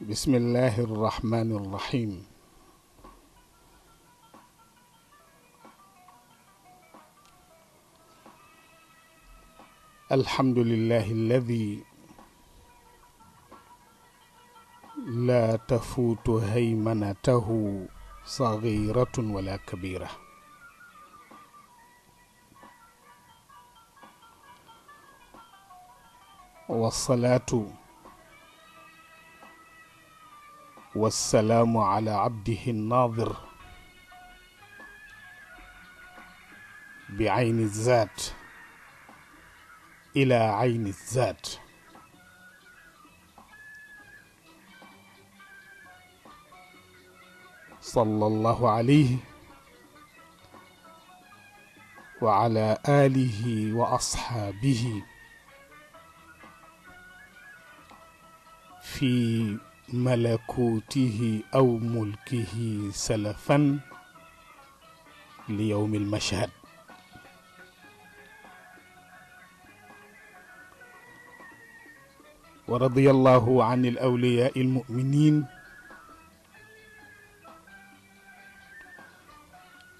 بسم الله الرحمن الرحيم الحمد لله الذي لا تفوت هيمنته صغيرة ولا كبيرة والصلاة والسلام على عبده الناظر بعين الذات إلى عين الذات صلى الله عليه وعلى آله وأصحابه في ملكوته أو ملكه سلفا ليوم المشهد ورضي الله عن الأولياء المؤمنين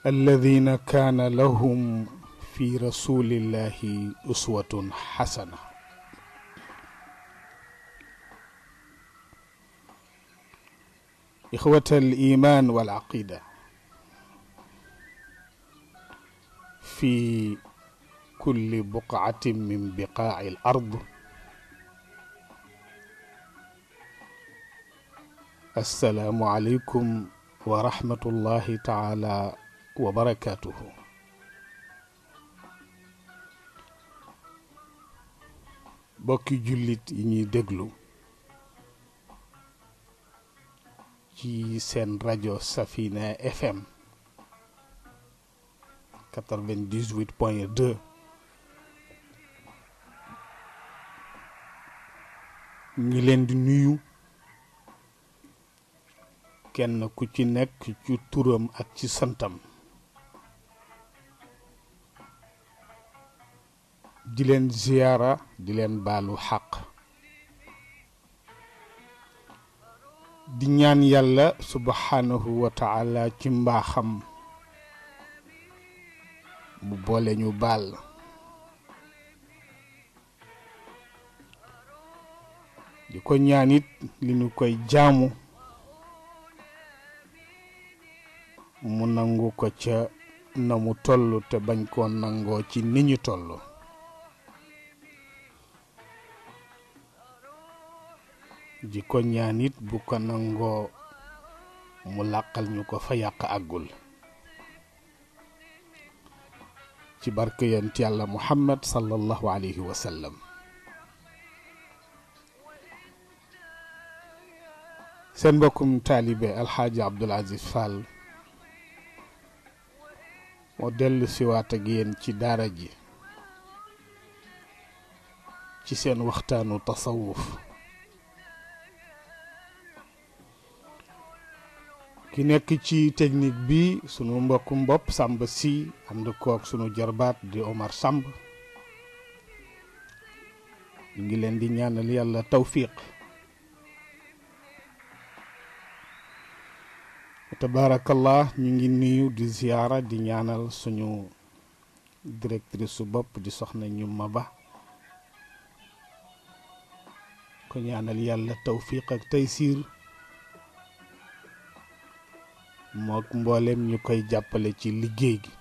الذين كان لهم في رسول الله أسوة حسنة إخوة الإيمان والعقيدة في كل بقعة من بقاع الأرض السلام عليكم ورحمة الله تعالى وبركاته بكي جلت إني دقلو ci seen rajo Safina FM 98 point 2 ñu leen di nuyu kenn ku ci nekk ci turam ak ci santam di leen ziyaara di leen baalu xaq di ñaan yàlla subhanahu wa ci mbaaxam bu boole ñu baal di ko ñaan it li ñu koy jaamu mu nangu ko ca na mu toll te bañ koo nangoo ci ni ñu toll di ko ñaanit bu ko nangoo mu làqal ñu ko fa yàq àggul ci barke yonent yàlla muhammad sallallahu alayhi wa sallam seen mbokkum taalibe alxaaji abdul aziz fall moo dellu siwaat ak yéen ci daara ji ci seen waxtaanu tasawuf ki nekk ci technique bi sunu mbokku mbopp sàmb si ànd koog sunu jarbaat di omar sàmb ngi leen di ñaanal yàlla tawfiq tabarakallah ñu ngi nuyu di ziara di ñaanal suñu directrice su bopp di soxna ñu maba ko ñaanal yàlla tawfiq ak taysir mook mboolem ñu koy jàppale ci liggéey gi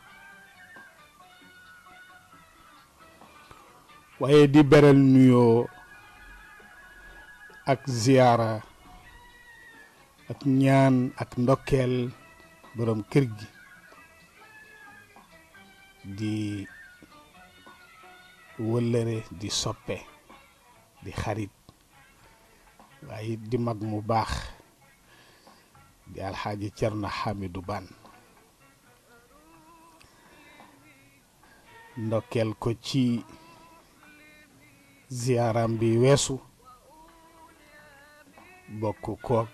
waaye di beral nuyoo ak ziyaara ak ñaan ak ndokkeel boroom kër gi di wëllëre di soppe di xarit waaye di mag mu baax di alxaaji Cerno Xamidu Ban ndokkeel ko ci ziyaaram bi weesu bokk koog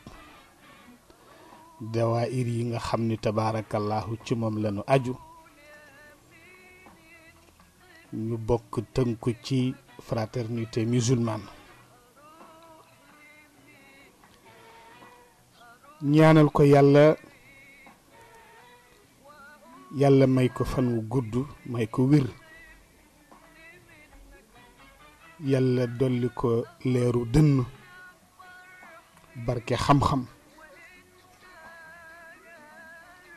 dawaayir yi nga xam ni tabaarakallahu ci moom lanu aju ñu bokk tënku ci fraternité musulmane ñaanal ko yàlla yàlla may ko fan wu gudd may ko wir yàlla dolli ko leeru dënn barke xam-xam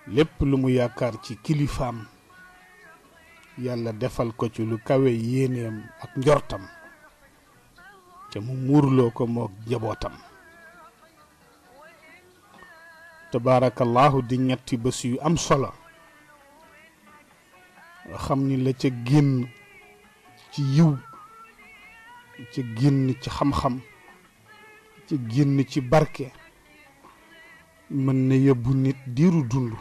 lépp lu mu yaakaar ci kilifaam yàlla defal ko ci lu kawe yéeneem ak njortam te mu muurloo ko moo njabootam tabaarakallahu di ñetti bés yu am solo nga xam ni la ca génn ci yiw ca génn ci xam-xam ca génn ci barke mën na yóbbu nit diiru dund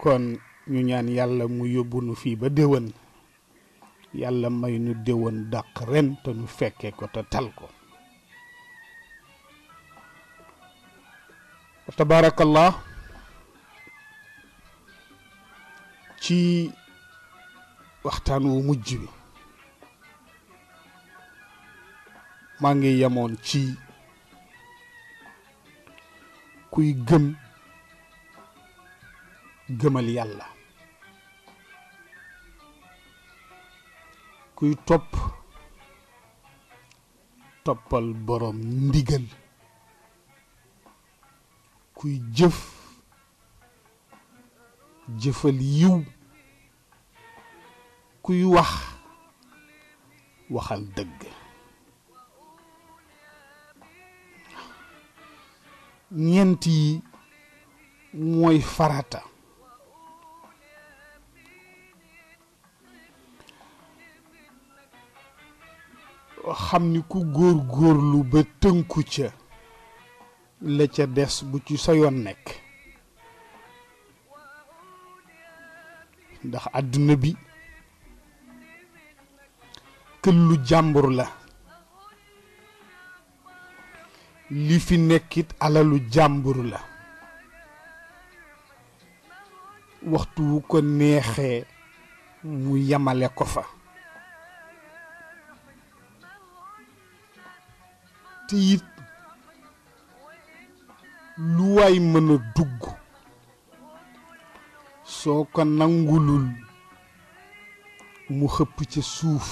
kon ñu ñaan yàlla mu yóbbu nu fii ba déwén yàlla may nu déwén dàq ren te nu fekkee ko te tal ko tabaarakallah ci waxtaan wu mujj bi maa ngi yemoon ci kuy gëm gëmal yàlla kuy topp toppal boroom ndigal kuy jëf jëfal yiw kuy wax waxal dëgg ñeent yi mooy farata xam ni ku góor góorlu ba tënku ca la ca des bu ci sa yoon nekk ndax àdduna bi këllu jàmbur la li fi nekkit alalu jàmbur la waxtu wu ko neexee mu yamale ko fa te lu waay mën a dugg soo ko nangulul mu xëpp ca suuf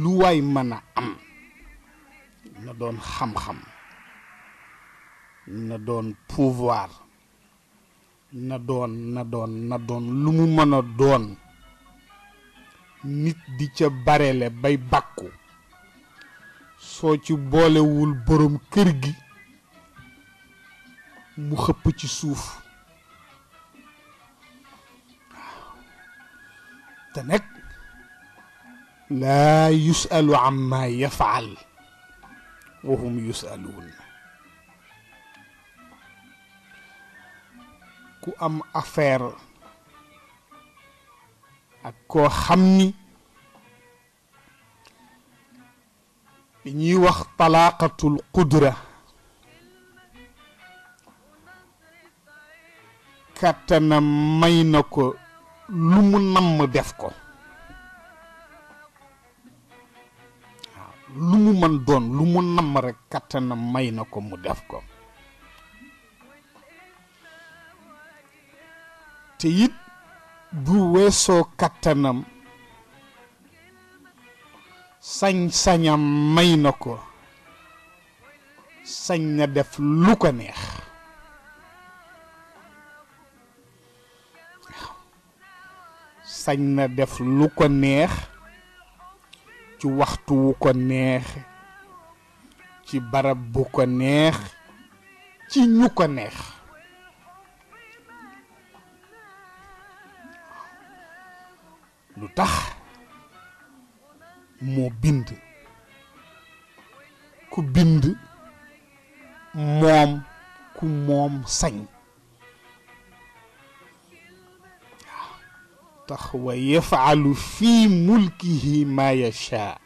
lu waay mën a am na doon xam-xam na doon pouvoir na doon na doon lu mu mën a doon nit di ca barele bay bàkku soo ci boolewul borom kër gi mu xëpp ci suuf te nag laa yusalu amma yafaal wa hum yusaluun ku am affaire ak koo xam ni ñuy wax talaaqatul qudra kàttanam may na ko lu mu namm def ko lu mu mën doon lu mu namm rekk kàttanam may na ko mu def ko te bu weesoo kàttanam sañ-sañam may na ko sañ na def lu ko neex sañ na def lu neex ci waxtu wu ko neex ci barab bu ko neex ci ñu ko neex lu tax moo bind ku bind moom ku moom sañ waaw tax wa yafalu fi mulkihi ma yashaa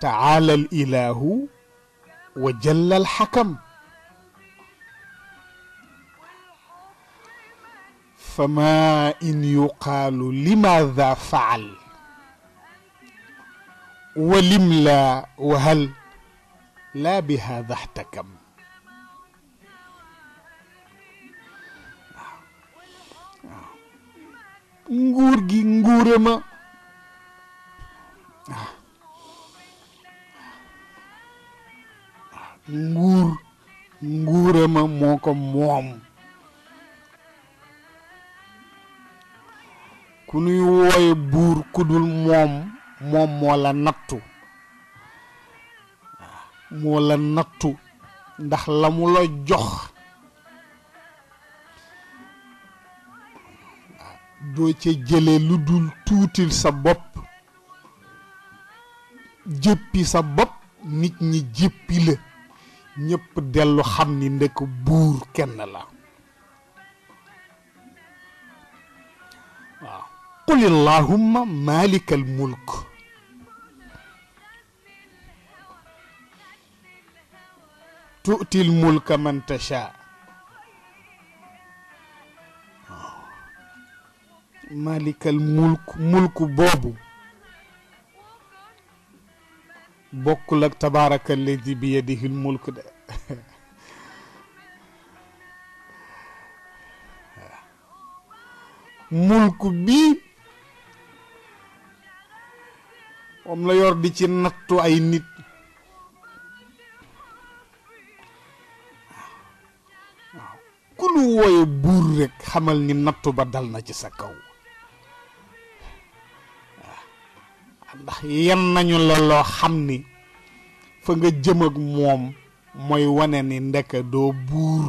taala al ilahu wa jalla al xakam فما إن يقال لماذا فعل ولم لا وهل لا بهذا احتكم nguur gi nguuram a nguur nguuram a moo ko moom ku nuy wooye buur kudul moom moom moo la nattu moo la nattu ndax la mu la jox doo ca jële lu dul tuutil sa bopp jëppi sa bopp nit ñi jëppi la ñëpp dellu xam ni ndekk buur kenn la قل اللهم مالك الملك تؤتي الملك من تشاء مالك الملك ملك بوبو بوك لك تبارك الذي بيده الملك ده. ملك بي moom la yor di ci nattu ay nit waaw ku nu wooye buur rekk xamal ni nattu ba dal na ci sa kaw ndax yan nañu la loo xam ni fa nga jëm ak moom mooy wane ni ndeka doo buur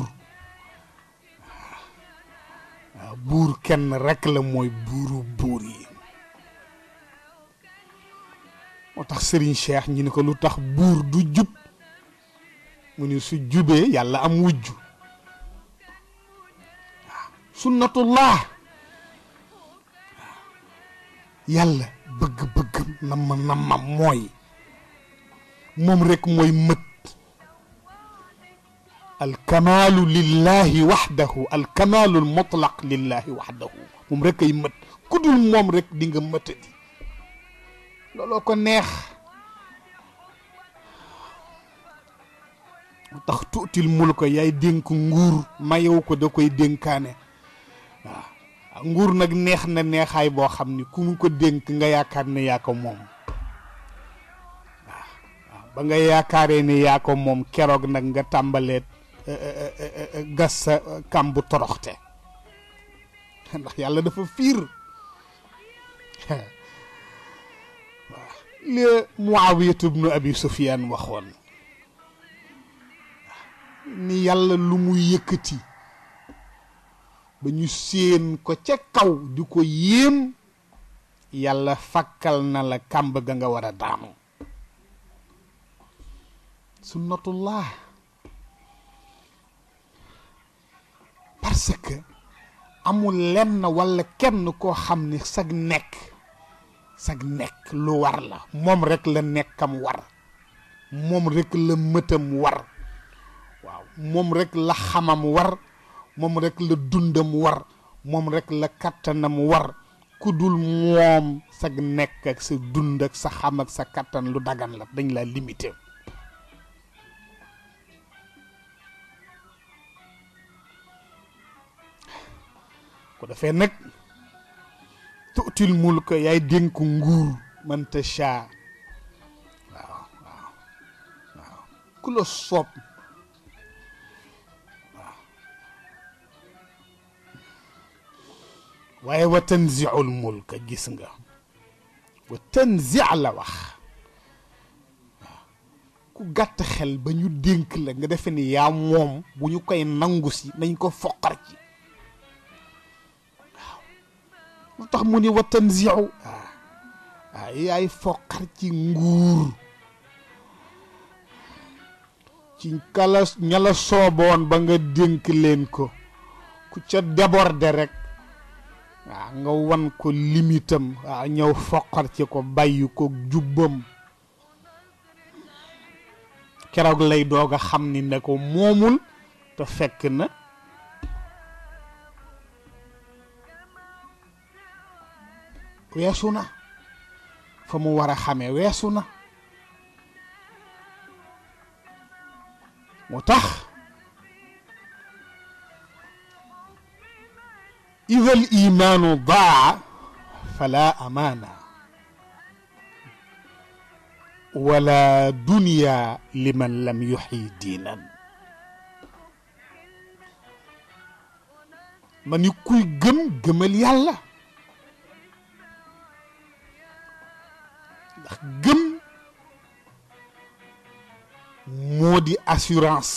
buur kenn rekk la mooy buuru buur yi moo tax Serigne Cheikh ñu ni ko lu tax buur du jub mu ni su jubee yàlla am wujj waaw sunnatullah yàlla bëgg-bëggam namma nammam mooy moom rekk mooy mët alkamalu lillahi waxdahu alkamalu almutlaq lillahi waxdahu moom rek ay mët ku moom rek di nga looloo ko neex tax tuutil mul ko yaay dénk nguur mayewu ko da koy dénkaane waaw nguur nag neex na neexaay boo xam ni ku mu ko dénk nga yaakaar ne yaa ko moom ba nga yaakaaree ni yaa moom keroog nag nga tàmbalee eh, eh, eh, gas sa kàmbu toroxte ndax yàlla dafa fiir li muawiyatu bnu abi sufiyaan waxoon ni yàlla lu mu yëkkati ba ñu seen ko ca kaw di ko yéem yàlla fakkal na la kàmb ga nga war a daanu sunnatullah parce que amul lenn walla kenn koo xam ni sag nekk Sagnek nek lu war la mom rek la war momrek rek la mëtam war waaw mom rek la xamam war mom rek la dundam war mom rek la katanam war kudul mom moom nek ak sa dund ak sa xam ak sa katan lu dagan la dañ la limité ko defee nek tuutil mulka yaay dénk nguur man tashaa waaw waaw ku la soob waaye wa tanziul mulka gis nga wa tanzi la wax waaw ku gàtt xel ba ñu dénk la nga defe ni yaa moom bu ñu koy nangu si nañ ko foqar ci lu tax mu ni wa tanziu waaw ah. ah, yaay foqar ci nguur ci kala ña sooboon ba nga dénk leen ko ku ca déborde rek waaw ah, nga wan ko limitam waaw ñëw foqar ci ko bàyyi ko jubbam keroog lay doog a xam ni ne ko moomul te fekk na weesu na fa mu war a xamee weesu na mu tax ida al imaanu daa fala amaana wala dunya liman lam yuxyi diinan ma ni kuy gëm gëmal yàlla ndax gëm moo di assurance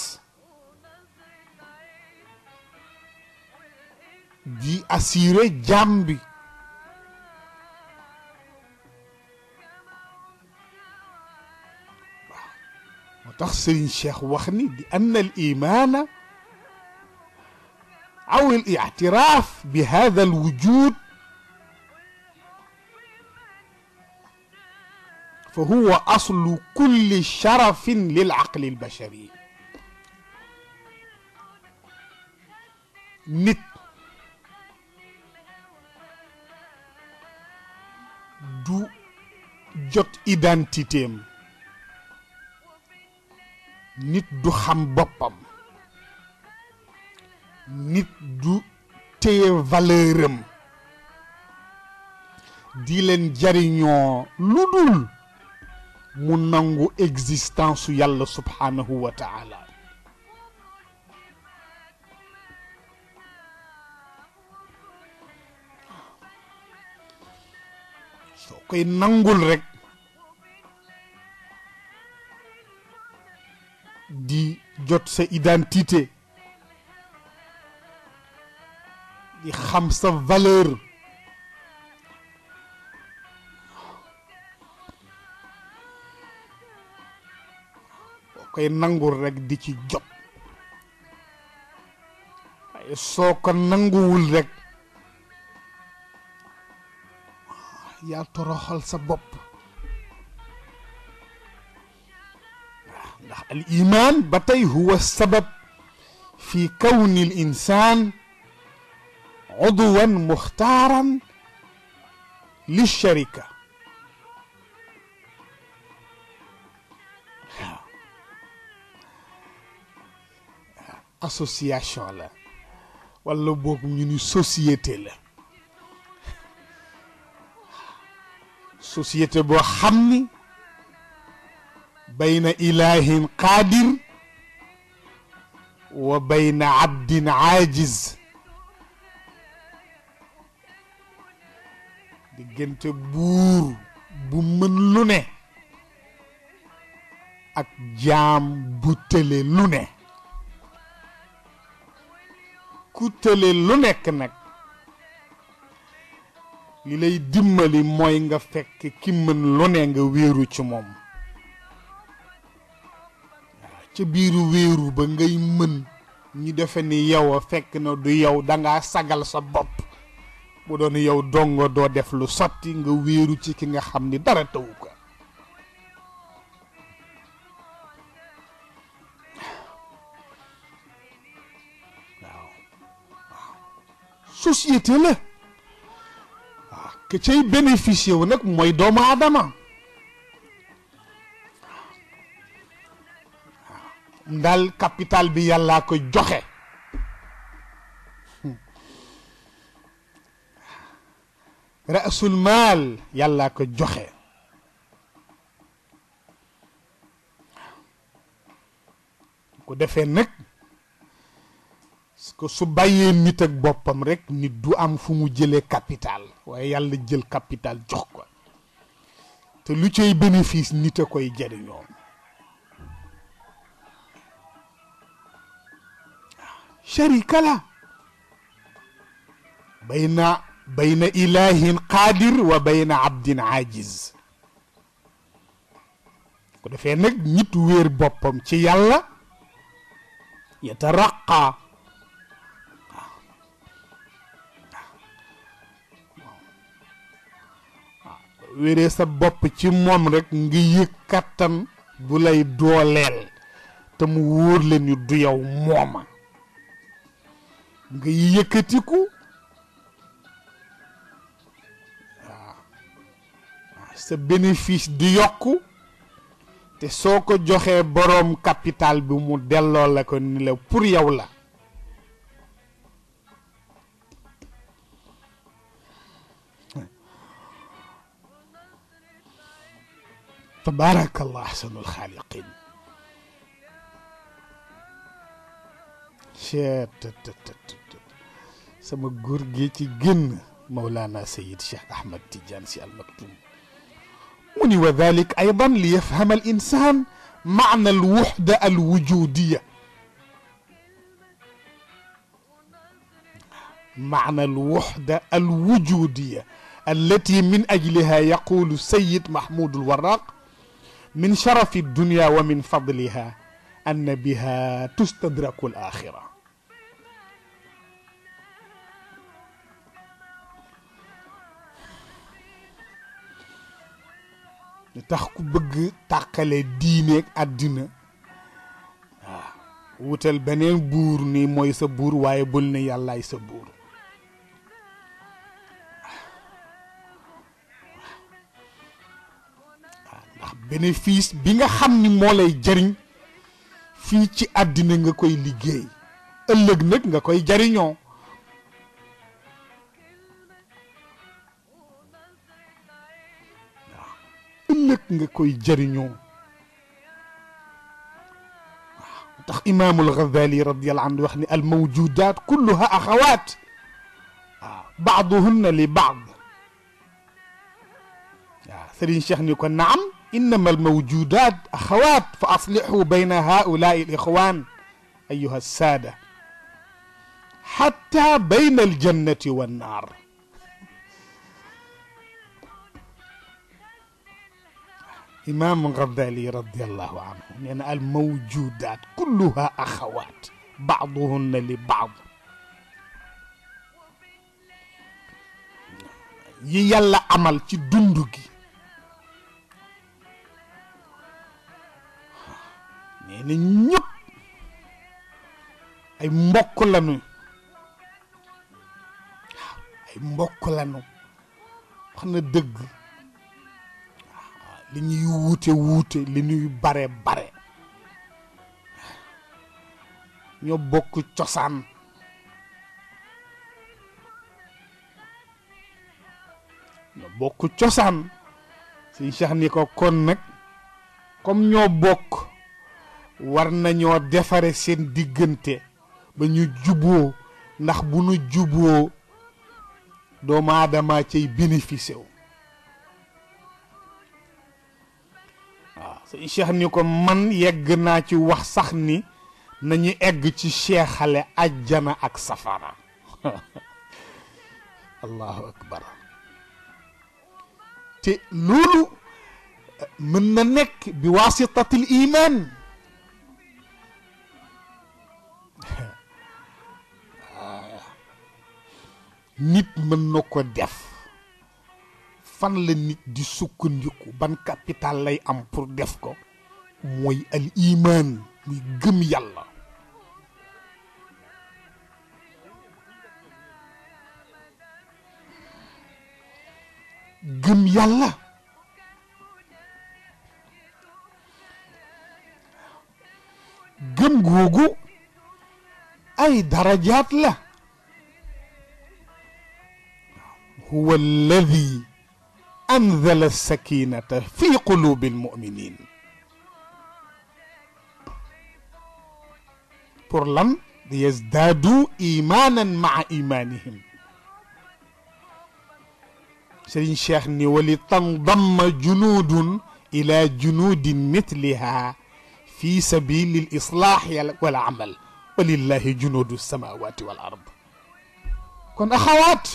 di assurer jàmm bi وخني لأن الإيمان أو الاعتراف بهذا الوجود fa huwa aslu kulli sharafin lil nit du jot identitéem nit du xam boppam nit du téye valeuram di leen jariñoo mu nangu existence yàlla subhaanahu wa taala soo koy nangul rekk di jot sa identité di xam sa valeur koy nangul rek di ci jot waaye soo ko nanguwul rek yaa toroxal sa bopp ndax al iman ba tey huwa sabab fi kawni al insan عضوا مختارا للشركه association la walla boog ñu ni société la société boo xam ni bayna ilahin qaadir wa bayna abdin aajiz diggante buur bu mën lu ne ak jaam bu tële lu ne ku tële lu nekk nag li lay dimbali mooy nga fekk ki mën lu ne nga wéeru ci moom waaw ca biiru wéeru ba ngay mën ñu defe ni yow fekk na du yow danga sagal sa bopp bu doon yow dongo doo def lu sotti nga wéeru ci ki nga xam ni dara tawu ko société la waaw ah, ke cay bénéficier nag mooy doomu aadama waaw ah, daal capital bi yàllaa ko joxe hmm. ah, rasul maal yàllaa ko joxe ko defee nag ko su bàyyee nit ak boppam rekk nit du am fu mu jële capital waaye yàlla jël capital jox ko te lu cay bénéfice nit a koy jariñoo sharika la bayna bayna ilahin qaadir wa bayna abdin aajiz ko defee nag nit wéer boppam ci yàlla yataraqa wéree sa bopp ci moom rek ngi yëg kàttan bu lay dooleel te mu wóor la du yow mooma nga yëkkatiku waaw sa bénéfice di yokku te soo ko joxee boroom capital bi mu delloo la ko ni la pour yow la تبارك الله أحسن الخالقين sama góor gee ci مولانا سيد شيخ أحمد تيجان سي المكتوم مني وذلك أيضا ليفهم الإنسان معنى الوحدة الوجودية معنى الوحدة الوجودية التي من أجلها يقول السيد محمود الوراق من شرف الدنيا ومن فضلها أن بها تستدرك الآخرة تخك بق تاكل دينك الدين وتل بنين بورني موي سبور واي بولني يالله يسبور bénéfice bi nga xam ni moo lay jariñ fii ci àddina nga koy liggéey ëllëg nag nga koy jariñoo waaw ëllëg nga koy jariñoo waaw tax imaamul Ghazali radiyallahu anhu wax ni al mawjudaat kulluha axawaat waaw baaduhunna li baad waaw Serigne Cheikh ni ko naam إنما الموجودات أخوات فأصلحوا بين هؤلاء الإخوان أيها السادة حتى بين الجنة والنار إمام الغزالي رضي الله عنه يعني الموجودات كلها أخوات بعضهن لبعض يلا عمل تدندقي nee na ay mbokk lanu ay mbokk lanu wax na dëgg waaw li ñuy wuute wuute li ñuy bare bare ñoo bokk cosaan ñoo bokk cosaan suñ Cheikh ni ko kon nag comme ñoo bokk war nañoo defare seen diggante ba ñu juboo ndax bu nu juboo doomu aadama cay bénéficié wu waaw ni ko man yegg naa ci wax sax ni nañu egg ci seexale ajjana ak safara allahu akbar te loolu eh, mën na nekk bi waasitatil iman nit mën na ko def fan la nit di sukkandiku ban capital lay am pour def ko mooy al iman muy gëm yàlla gëm yàlla gëm googu ay darajaat la هو الذي انزل السكينه في قلوب المؤمنين pour ليزدادوا ايمانا مع ايمانهم سيدنا الشيخ نيولي ولتنضم جنود الى جنود مثلها في سبيل الاصلاح والعمل ولله جنود السماوات والارض كن اخوات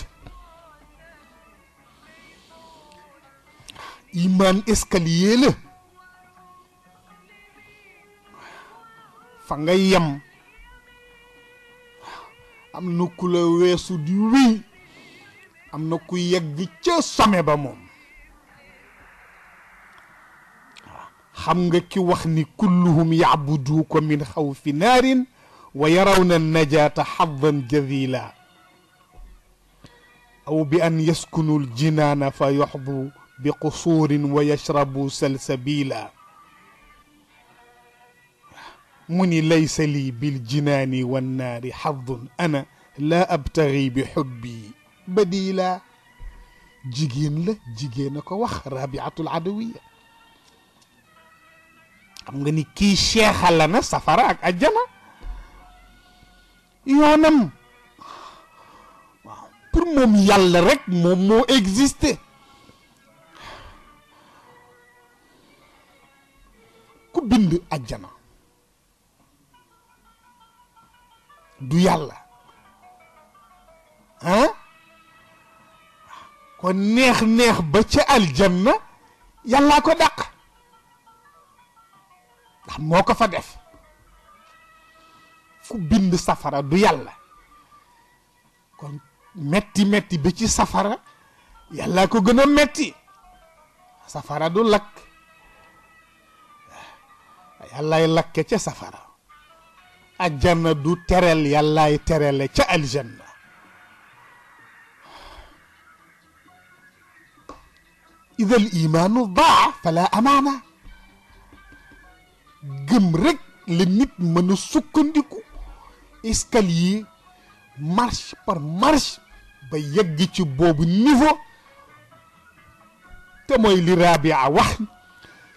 imaan escalier la fa nga am na ku la weesu di wéy am na ku yegg ca sommet moom xam nga ki wax ni kulluhum yacbuduuka min xawfi naarin wa yarawna najaata xadan jadila aw bi an yaskunu ljinaana fa yoxbu بقصور ويشرب سلسبيلا مني ليس لي بالجنان والنار حظ أنا لا أبتغي بحبي بديلا جيجين له جيجينك وخ رابعة العدوية أمغني كي شيخ لنا سفراك أجنا يونم pour mom yalla rek mom mo exister ku bind ajjana du yàlla ah kon neex-neex ba ca aljanna yàllaa ko dàq ndax moo ko fa def ku bind safara du yàlla kon metti metti ba ci safara yàllaa ko gën a metti safara du lakk يالله لك يا سفر الجنة دو ترل يالله ترل يا الجنة إذا الإيمان ضاع فلا أمانة جمرك لنيت من السكن ديكو إسكالي مارش بار مارش بيجي تشبوب النيفو تموي لرابعة واحد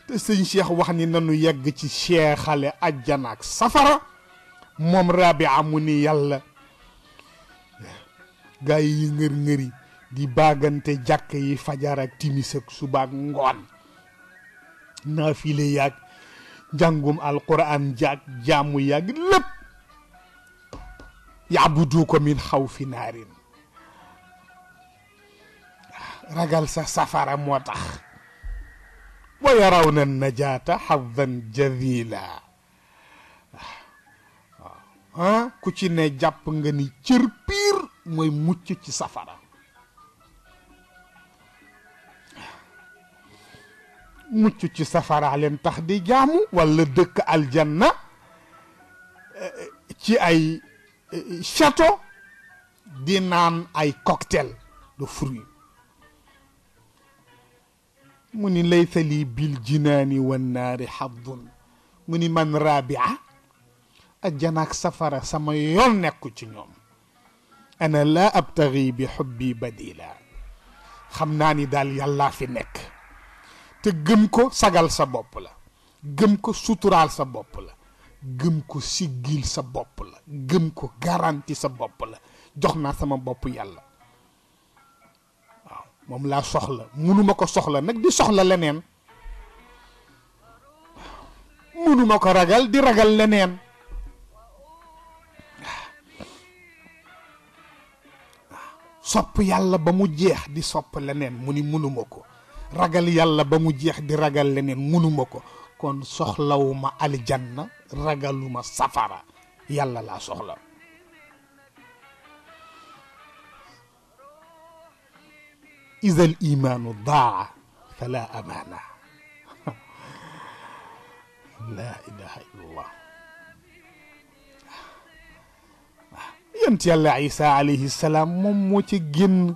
te sëñ Cheikh wax ni nanu yegg ci seexale ajjana ak safara moom rabia mu ni yàlla gaa yi ngër ngëri di bàggante jàkk yi fajar ak timis suba ak ngoon naafile yaag njàngum alquran jaag jaamu yaag lépp yaabudu ko min xaw fi naarin ragal sa safara moo tax wa na najaata xadan jadila waaw ku ci ne jàpp nga ni cër piir mooy mucc ci safara mucc ci safara leen tax di jaamu walla dëkk aljanna ci ay château di naan ay cocktail de fruits مني ليس لي بالجنان والنار حظ مني من رابعة أجناك سفر سما يونك نيوم أنا لا أبتغي بحبي بديلا خمناني دال يلا في نك تجمكو سجل سبوبلا جمكو سطرال سبوبلا جمكو سجيل سبوبلا جمكو غارانتي سبوبلا جخنا سما بوبو يلا moom laa soxla munuma ko soxla nag di soxla leneen munuma ko ragal di ragal leneen sopp yàlla ba mu jeex di sopp leneen mu ni munuma ko ragal yàlla ba mu jeex di ragal leneen munuma ko kon soxlawuma aljanna ragaluma safara yàlla laa soxla إذا الإيمان ضاع فلا أمانة لا إله إلا الله yent yàlla isa alayhi salaam moom moo ci génn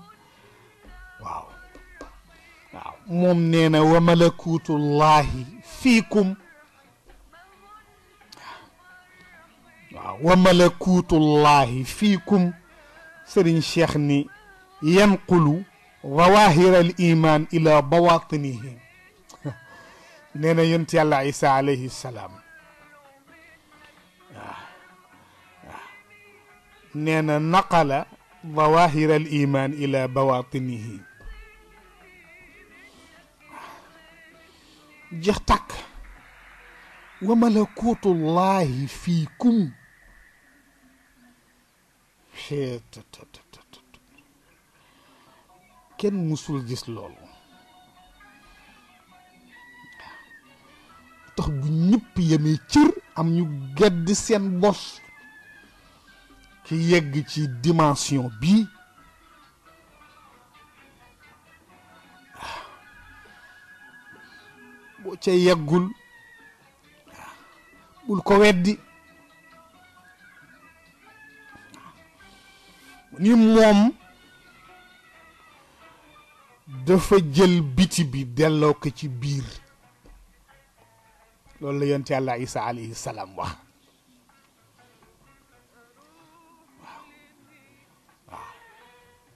waaw waaw moom nee na wa malakutullahi fiikum waaw wa malakutullahi fiikum sëriñ cheikh ni yanqulu ظواهر الإيمان إلى بواطنه نينا ينتي الله عيسى عليه السلام نينا نقل ظواهر الإيمان إلى بواطنه جهتك وملكوت الله فيكم شتتتت kenn musul gis loolu tax bu ñëpp yemee cër am ñu gedd seen bos ki yëgg ci dimension bi boo ca yeggul bul ko weddi ni moom dafa jël biti bi delloo ko ci biir loolu la yonent yàlla isa alayhi salaam wax waaw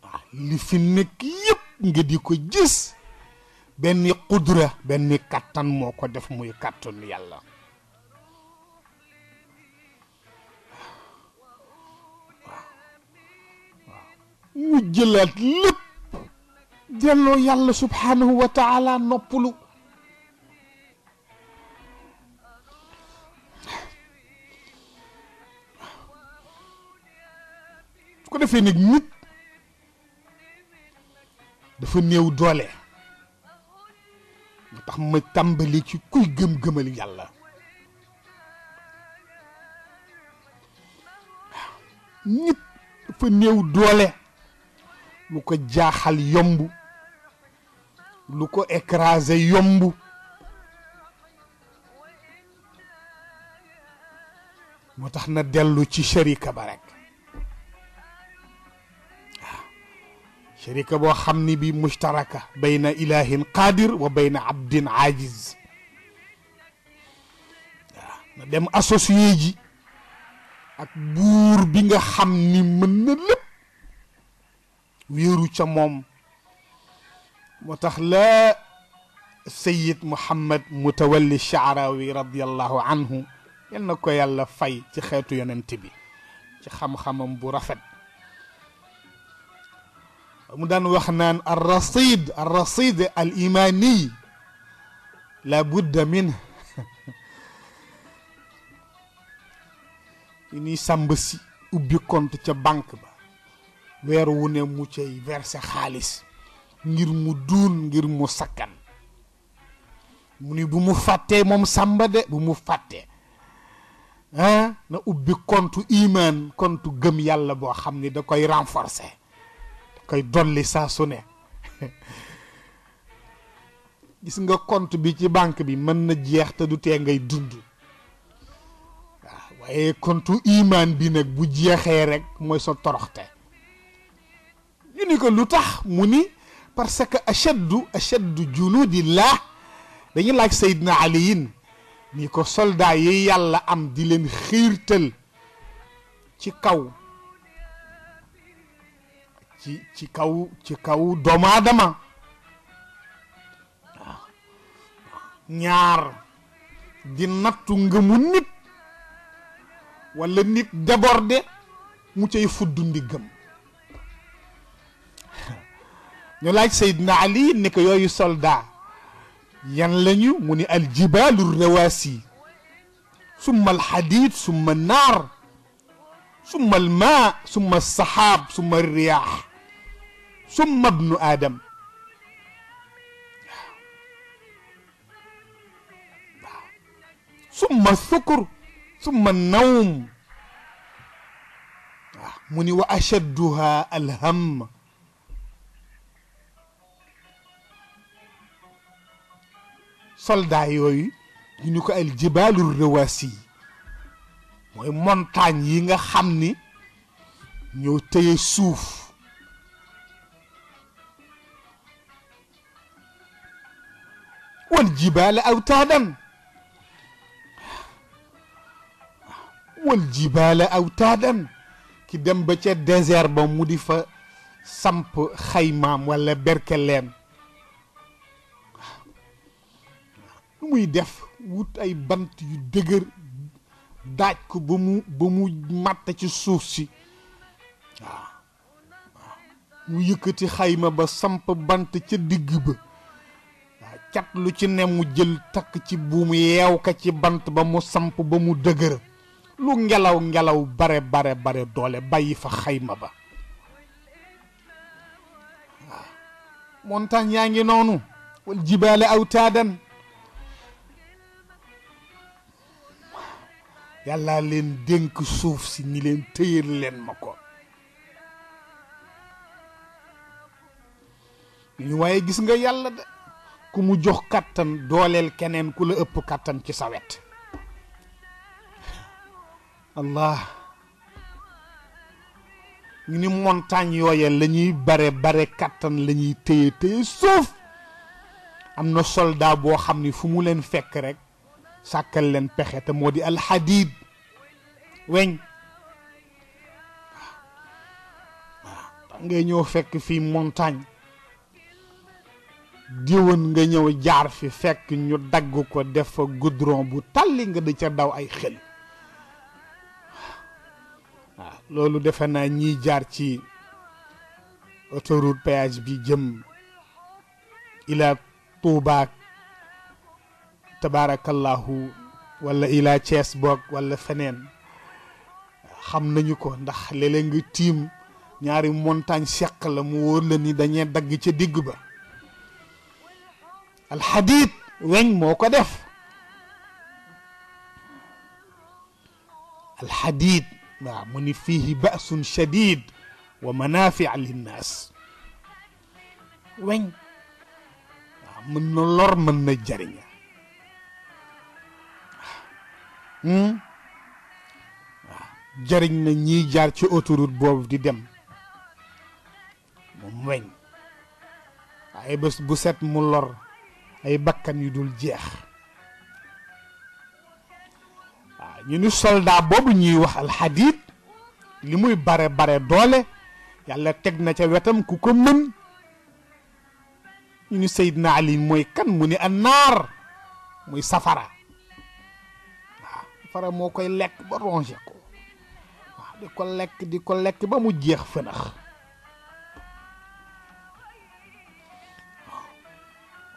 waaw li fi nekk yëpp nga di ko gis benn qudra benn kàttan moo ko def muy kàttan yàlla waaw waaw mu jëlaat lépp delloo yàlla subhaanahu wa taala noppalu su ko defee nag nit dafa néew doole moo tax ma tàmbali ci kuy gëm-gëmal yàlla nit dafa néew doole lu ko jaaxal yomb lu ko écrasé yomb na delu ci sharika ba rek sharika bo xamni bi mushtaraka bayna ilahin qadir wa bayna abdin ajiz na dem associé ji ak buur bi nga xamni ni na lépp wéeru ca moom moo tax la sayid muhammad mutawalli shaarawi radiallahu anhu yal na ko yàlla fay ci xeetu yonent bi ci xam-xamam bu rafet mu daan wax naan al rasid al rasid al imaniy la budda min ñuy sàmb si ubbi compte ca banque ba weer wu ne mu cay verse xaalis ngir mu duun ngir mu sakkan mu ni bu mu fàttee moom samba de bu mu fàttee ah na ubbi kontu iman kontu gëm yàlla boo xam ni da koy renforcer koy dolli saa su ne gis nga compte bi ci banque bi mën na jeex te du tee ngay dund waaye compte iman bi nag bu jeexee rek mooy sa toroxte ni ko lu tax mu ni parce que achaddu achaddu junudillah dañu laaj Seydina Aliyin ni ko soldaa yi yàlla am di leen xiirtal ci kaw ci kaw ci kaw ñaar di nattu ngëmu nit wala nit débordé mu cay fudd ndigam ñu laaj Seydina Ali ne ko yooyu soldat yan lañu mu ni al jibaalu rawasi summa al hadid summa nar summa al ma summa sahab summa riyah summa ibn adam summa sukur summa nawm muni wa ashadduha alham soldat yooyu ñu ñu ko al jibaalul rawaasi mooy montagne yi nga xam ni ñoo tëye suuf wal jibaala awtaadan wal jibaala awtaadan ki dem ba ca désert ba mu di fa samp xaymaam wala berkeleem nu muy def wut ay bant yu dëgër daaj ko ba mu ba mu màtt ci suuf si waaw mu yëkkati xayma ba samp bant ca digg ba waaw cat lu ci ne mu jël takk ci buum yeew ka ci bant ba mu samp ba mu dëgër lu ngelaw ngelaw bare bare bare doole bàyyi fa xayma ba waaw yaa ngi noonu wal jibaale awtaadan yàllaa leen dénk suuf si ni leen téyal leen ma ko ñu waaye gis nga yàlla de ku mu jox kàttan dooleel keneen ku la ëpp kàttan ci sawet wet allah ñu ni montagne yooya la bare bare kàttan la ñuy téye suuf am na soldaa boo xam ni fu mu leen fekk rek sàkkal leen pexe te moo di alxadiid weñ waaw ngay ñëw fekk fii montagne diwoon nga ñëw jaar fi fekk ñu dagg ko def fa goudron bu tàlli nga di ca daw ay xel waaw loolu defe naa ñiy jaar ci autoroute péage bi jëm ila tuubaak tabarakallahu wala ila Thiès bok wala feneen xam nañu ko ndax léeg nga tiim ñaari montagne seq la mu wóor la ni dañee dagg ca digg ba alxadid weñ moo def alxadid waaw mu ni fiihi ba'sun shadid wa manafi linnas weñ waaw na lor mën na Hmm? waaw jëriñ na ñiy jaar ci autoroute boobu di dem moom weñ waaye bés bu set mu lor ay bakkan yu dul jeex waaw ñu ni soldaa boobu ñuy wax alxadiid li muy bare bare doole yàlla teg na ca wetam ku ko mën ñu ni Seydina Ali mooy kan mu ni annaar muy safara safara moo koy lekk ba rongé ko waaw di ko lekk di ko lekk ba mu jeex fënax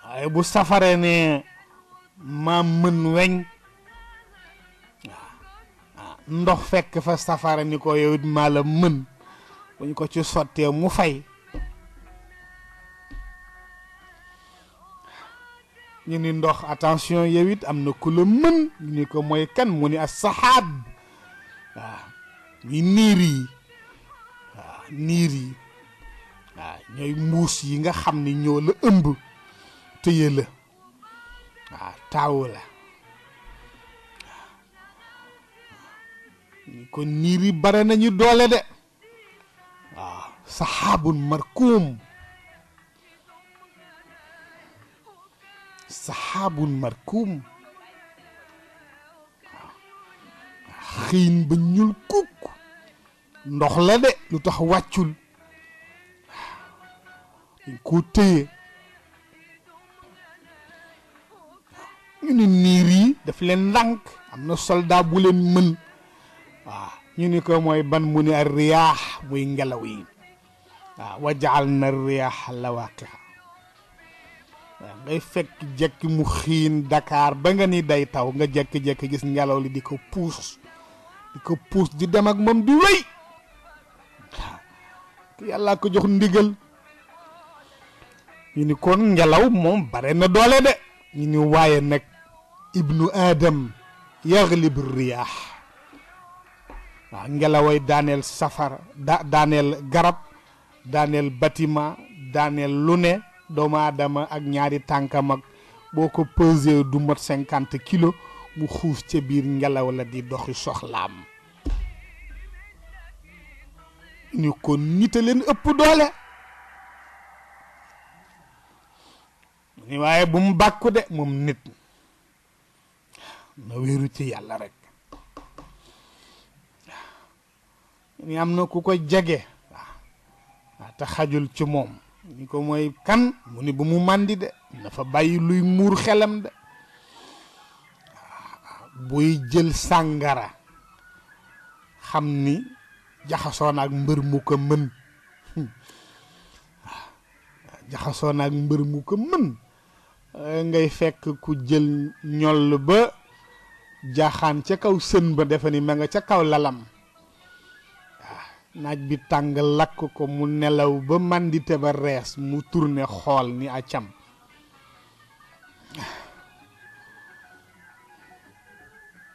waaye bu safara ne maa mën weñ ndox fekk fa safara ni ko yow maa la mën bu ko ci sottee mu fay ñu ni ndox attention yow it am na ku la mën ñu ni ko mooy kan mu ni as saxaab waaw ñuy niir yi waaw niir yi waaw ñooy mbuus yi nga xam ni ñoo la ëmb tëye la waaw taaw la waaw kon niir yi bare nañu doole de waaw saxaabun markuum saxaabun markuum xiin ba ñuul kukk ndox la de lu tax wàccul dañ koo téye ñu ne niir yi daf leen ndànk am na soldat bu leen mën waaw ñu ni ko mooy ban mu ne ar riyaax muy ngelaw yi waaw wa na riyaax lawaaqiha ngay fekk jekki mu xiin dakar ba nga ni day taw nga jekki-jekki gis ngelaw li di ko puus di ko puus di dem ak mom di wéy yalla ko jox ndigal ni kon ngelaw mom bare na dole de ni ni waye nak ibnu adam yaglib riyah wa ngelaway daaneel safara da daaneel garab Daniel batima daaneel lunet doomu aadama ak ñaari tànkam ak boo ko pesé du mot cinquante kilo mu xuus ca biir ngelaw la di doxi soxlaam ñu ko nit a leen ëpp doole waaye bu mu bàkku moom nit na wéeru ci yàlla rek ni am na ku ko jege waaw te xajul ci moom ni ko mooy kan mu ni bu mu màndi de dafa bàyyi luy muur xelam de buy jël sàngara xam ni jaxasoon ak mbër mu ko mën mbër mu ko mën eh, ngay fekk ku jël ñoll ba jaaxaan ca kaw sën ba defe ni ma nga ca kaw lalam naaj bi tàng lakk ko mu nelaw ba màndite ba rees mu tourné xool ni acam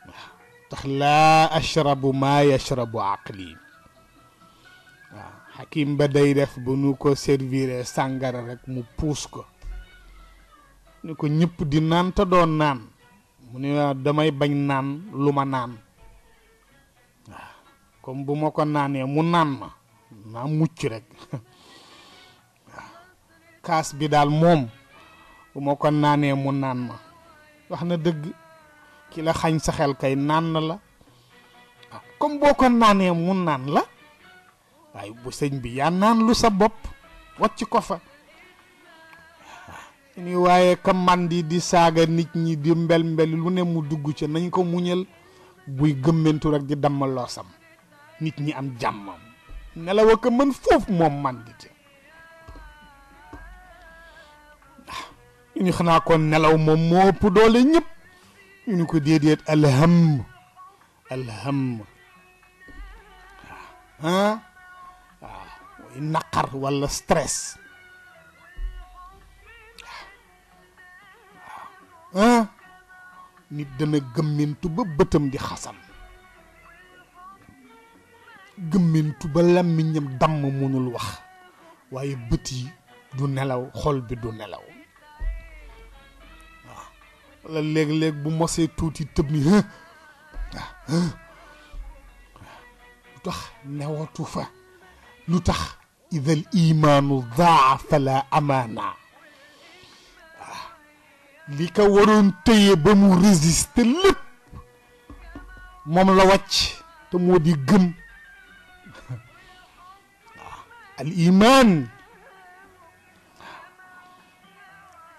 waaw tax laa ashrabu maa yashrabu aqli waaw xakim ba day def bu nu ko servire sàngara rek mu puus ko ni ko ñëpp di naan te doon naan mu ne damay bañ naan lu ma naan comme bu ma ko naanee mu naan ma naa mucc rek kaas bi daal moom bu ma ko naanee mu naan ma wax na dëgg ki la xañ sa xel kay naan na la comme boo ko naanee mu naan la waaye bu sëñ bi yaa naan lu sa bopp wàcc ko fa ni waaye ka man di saaga nit ñi di mbel mbel lu ne mu dugg ci nañ ko muñal buy gëmmentu rek di dammaloo sam nit ñi am jàmm nelaw ak mën foofu moom man di te ah, ñu ni xanaa kon nelaw moom moo ëpp doole ñëpp ñu ni ko déedéet alham alham waaw ah, ah, mooy naqar walla stress nit dana gëmmintu ba bëtam di xasan gëmmintu ba làmmiñam damm munul wax waaye bët yi du nelaw xol bi du nelaw waaw walla léeg-léeg bu mosee tuuti tëb ni waaw ah, lu tax newatu fa lu tax idal imaanu daa fala amaana waaw ah. li ko waroon téye ba mu résister lépp moom la wàcc te moo di gëm الإيمان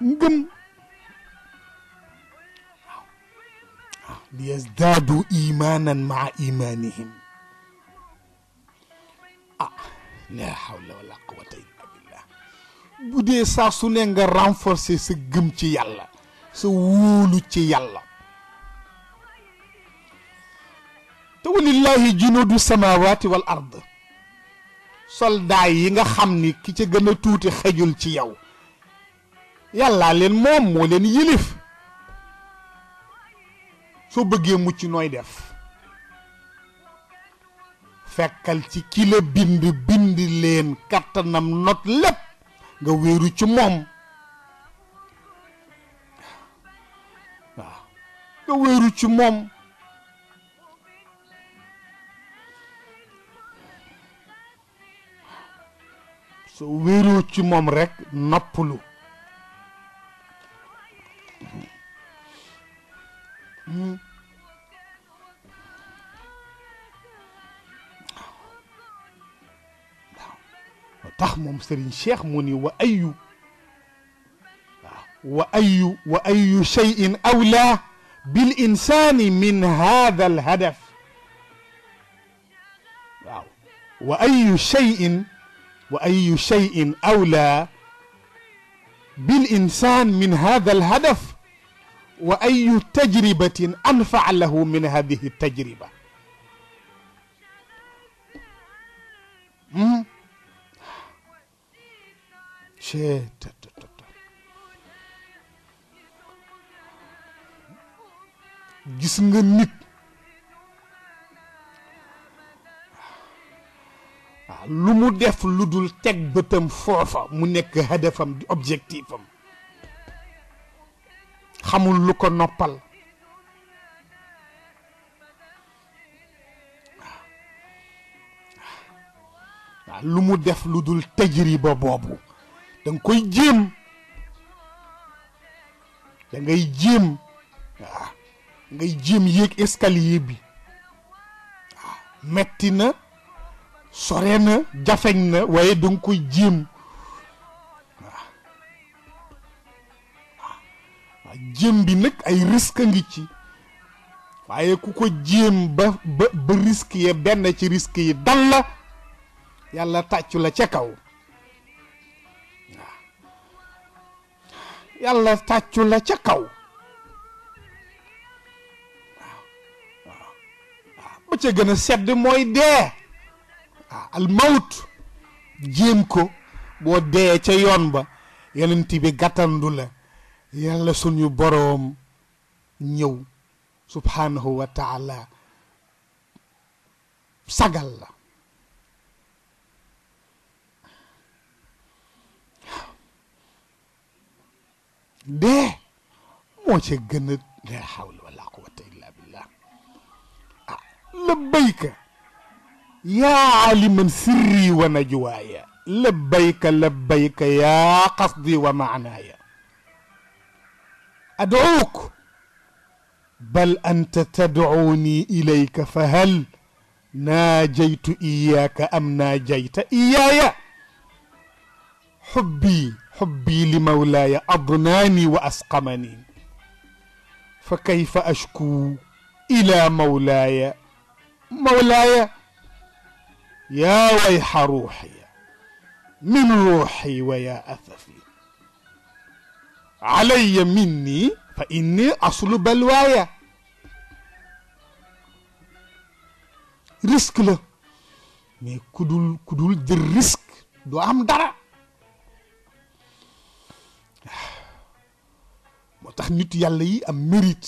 نجم ليزدادوا إيمانا مع إيمانهم آه. لا حول ولا قوة إلا بالله بودي ساسو نيغا رانفورسي سي گم تي يالا سي وولو تي يالا تولي الله جنود السماوات والأرض soldaay yi nga xam ni ki ca gën a tuuti xejul ci yow yàllaa leen moom moo leen yilif soo bëggee mucc nooy def fekkal ci ki la bind bind leen kàttanam not lépp nga wéeru ci moom waaw nga wéeru ci moom ويرو تي موم ريك نوبلو تخ موم شيخ موني واي واي واي شيء اولى بالانسان من هذا الهدف واي شيء واي شيء اولى بالانسان من هذا الهدف واي تجربه انفع له من هذه التجربه شيء gis waaw lu mu def lu dul teg bëtam foofa mu nekk hadafam di objectifam xamul lu ko noppal waaw lu mu def lu dul tajriba boobu da nga koy jéem dangay ngay waaw ngay jéem yéeg escalier bi waaw metti na sore na jafeñ na waaye du nga koy jéem waaw jéem bi nag ay risque a ngi ci waaye ku ko jéem ba ba ba risque ya benn ci risk yi dal la yàlla tàccu la ca kaw yàlla tàccu la ca kaw waaw ba ca gën a sedd mooy dee waaw al ko boo dee ca yoon ba yonent bi gàttandu la yàlla suñu boroom ñëw subhaanahu wa sagal la dee moo ca gën a la hawla wala quwata illa billah ah labbayka يا عالم سري ونجواي لبيك لبيك يا قصدي ومعناي أدعوك بل أنت تدعوني إليك فهل ناجيت إياك أم ناجيت إياي حبي حبي لمولاي أضناني وأسقمني فكيف أشكو إلى مولاي مولاي يا ويح روحي من روحي ويا أثفي علي مني فإني أصل بلوايا ريسك لا مي كدول كودول دي ريسك دو ام دارا اه، موتاخ نيت يالا يي ام ميريت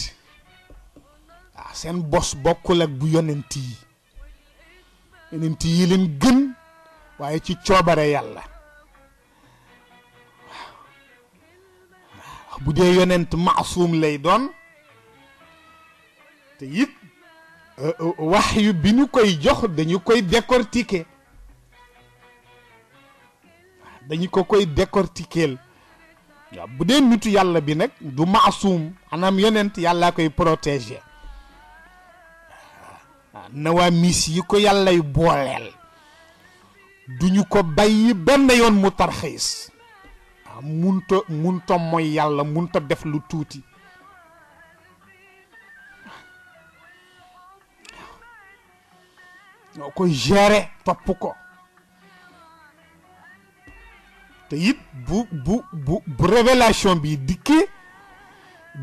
اه، سين بوس بوكول اك بو يوننتي yonent yi leen gën waaye ci coobare yàlla waaw bu dee yonent maasum lay doon te it euh, euh, wax bi ñu koy jox dañu koy décortiquer dañu ko koy décortiquer waaw bu dee nitu yàlla bi nag du maasuum anam yenent yàllaa koy protéger waaw nawaamis yi ko yu booleel duñu ko bàyyi benn yoon mu tarxiis waaw ah, munta munta mooy yàlla munta def lu tuuti ñoo ko gérer topp ko te it bu bu bu bu révélation bi dikkee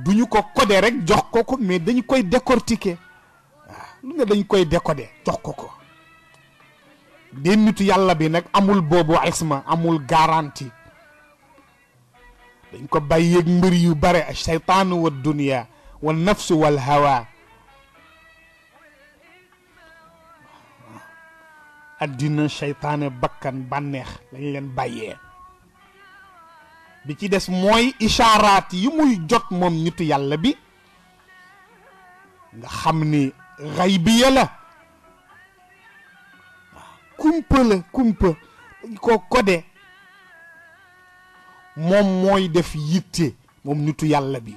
duñu ko codé rek jox ko ko mais dañ koy décortiquer lu ne dañ koy décoder jox ko ko di nitu yàlla bi nag amul boobu isma amul garanti dañ ko bàyyeeg mbër yu bare a seytaanu wa dunia wa nafsu wal hawa addina seytaane bakkan bànneex lañ leen bàyyee bi ci des mooy ishaaraat yi muy jot moom nitu yàlla bi nga xam ni xaybiya la waaw kumpa la kumpa ko codé moom mooy def yitte moom nitu yàlla bi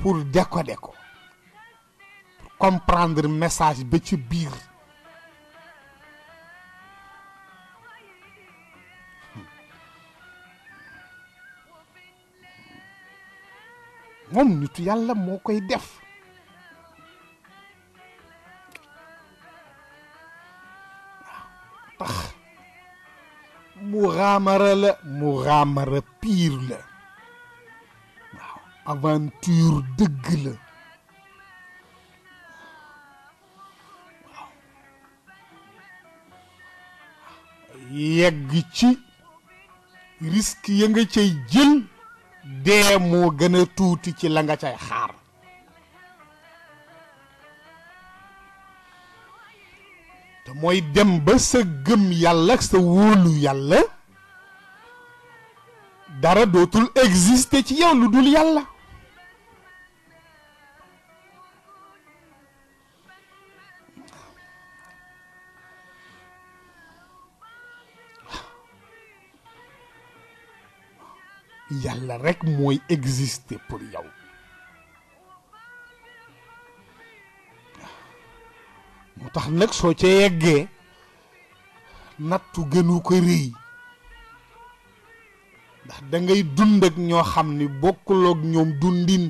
pour décoder ko comprendre message ba ci biir moom nitu yàlla moo koy def tax muxaamara la muxaamara pire la waaw aventure dëgg la waaw yegg ci risque ya nga cay jël dee moo gën a tuuti ci la nga cay xaar te mooy dem ba sa gëm yàlla sa wóolu yàlla dara dootul exister ci yow lu dul yàlla yàlla rekk mooy exister pour yow mu tax nag soo ci yeggee nattu gënu ko rëy ndax da ngay dund ak ñoo xam ni bokkuloog ñoom dundin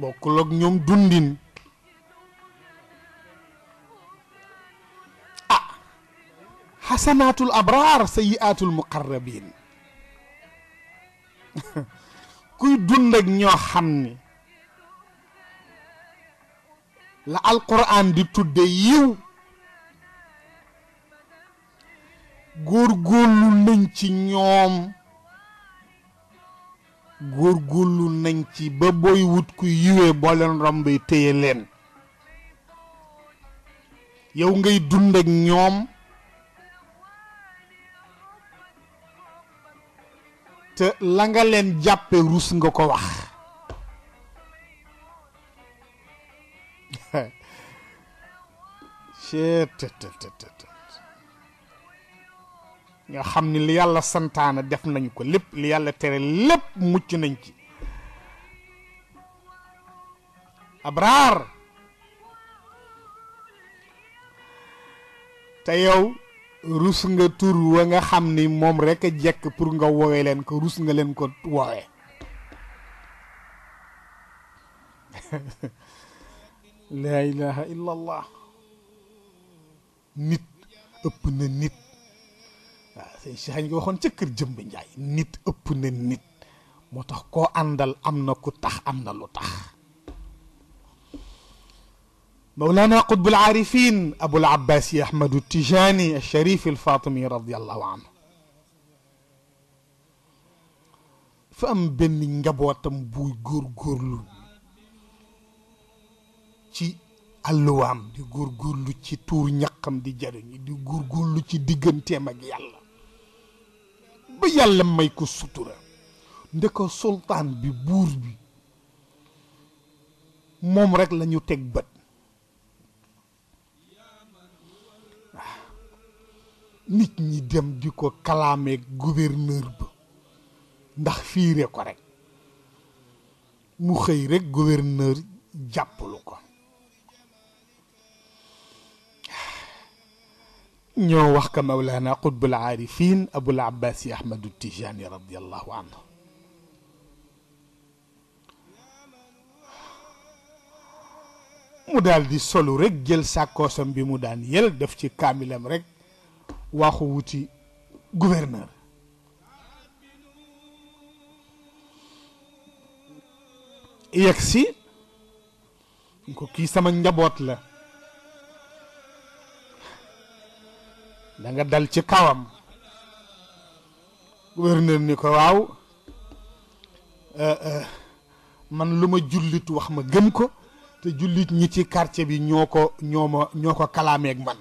bokkuloog ñoom dundin ah xasanaatul abraar sayiaatul muqarrabin kuy dund ak ñoo xam ni la alquran di tudde yiw góorgóorlu nañ ci ñoom góor góorgóorlu nañ ci ba booy wut ku yiwee boo leen rombee leen yow ngay dund ak ñoom te la nga leen jàppe rus nga ko wax chet nga xam ni li yàlla santana def nañu ko lépp li yàlla tere lépp mucc nañ ci abraar te yow rus nga tur wa nga ni rek a pour nga woowee leen ko rus nga leen ko la ilaha illallah. nit ëpp na nit waaw sëñ Cheikh ko waxoon ca kër Jëmb Njaay nit ëpp na nit moo tax koo àndal am na ku tax am na lu tax mawlana qutbul aarifin abul abbaasi ahmadu tijaani alsharif alfatimi radiallahu anhu fa am benn njabootam buy góor góorlu alluwaam di góorgóorlu ci tuur ñaqam di jariñu di góorgóorlu ci digganteem ak yàlla ba yàlla may ko sutura ndeko sultaan bi buur bi moom rekk lañu teg bët nit ñi dem di ko kalaameek gouverneur ba ndax fiire ko rekk mu xëy rekk gouverneur jàppalu ko ñoo wax ka mawlaana qutbul aarifin abul abbaasi ahmadu tijaani radiallahu anhu mu daal di solu rek jël sàkkoosam bi mu daan yël def ci kaamilam rek waxu wuti gouverneur yegg si ko kii sama njaboot la da nga dal ci kawam gouverneur ni ko waaw euh, euh, man lu ma jullit wax ma gëm ko te jullit ñi ci quartier bi ñoo ko ñoo ma ñoo ko kalaameek man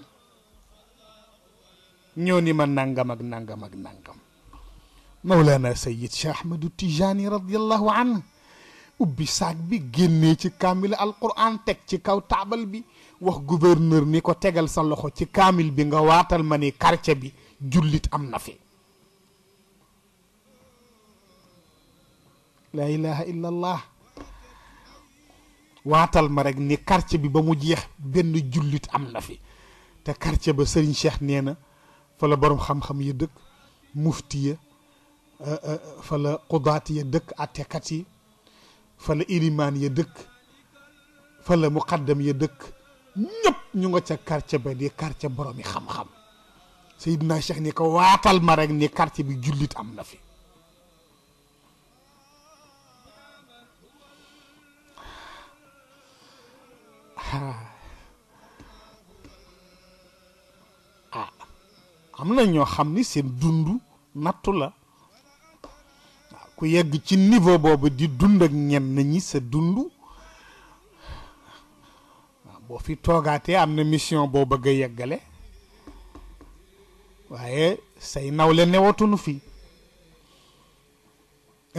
ñoo ni ma nangam ak nangam ak nangam mawlana sayid cheikh ahmadu tijaani radiallahu an ubbi saag bi génnee ci kaamil alquran teg ci kaw taabal bi wax gouverneur ni ko tegal sa loxo ci kamil bi nga watal mané quartier bi julit am na fi laa ilaha illa allah watal ma rek ni quartier bi ba mu jeex ben julit am na fi te quartier ba serigne Cheikh nee fa la borom xam-xam yi dëkk mufti ya fa la qudat ya dëkk kat yi fa la iliman ya dëkk fa la muqaddam ya dëkk ñëpp ñu nga ca quartier ba di quartier borom yi xam-xam Seydina Cheikh ni ko waatal ma rek ni quartier bi jullit am na fi ah. ah am na ñoo xam ni seen dund nattu la ku yegg ci niveau boobu di dund ak ñenn ñi sa dund boo fi toogaatee am na mission boo bëgg a yeggale waaye say nawle newatunu fi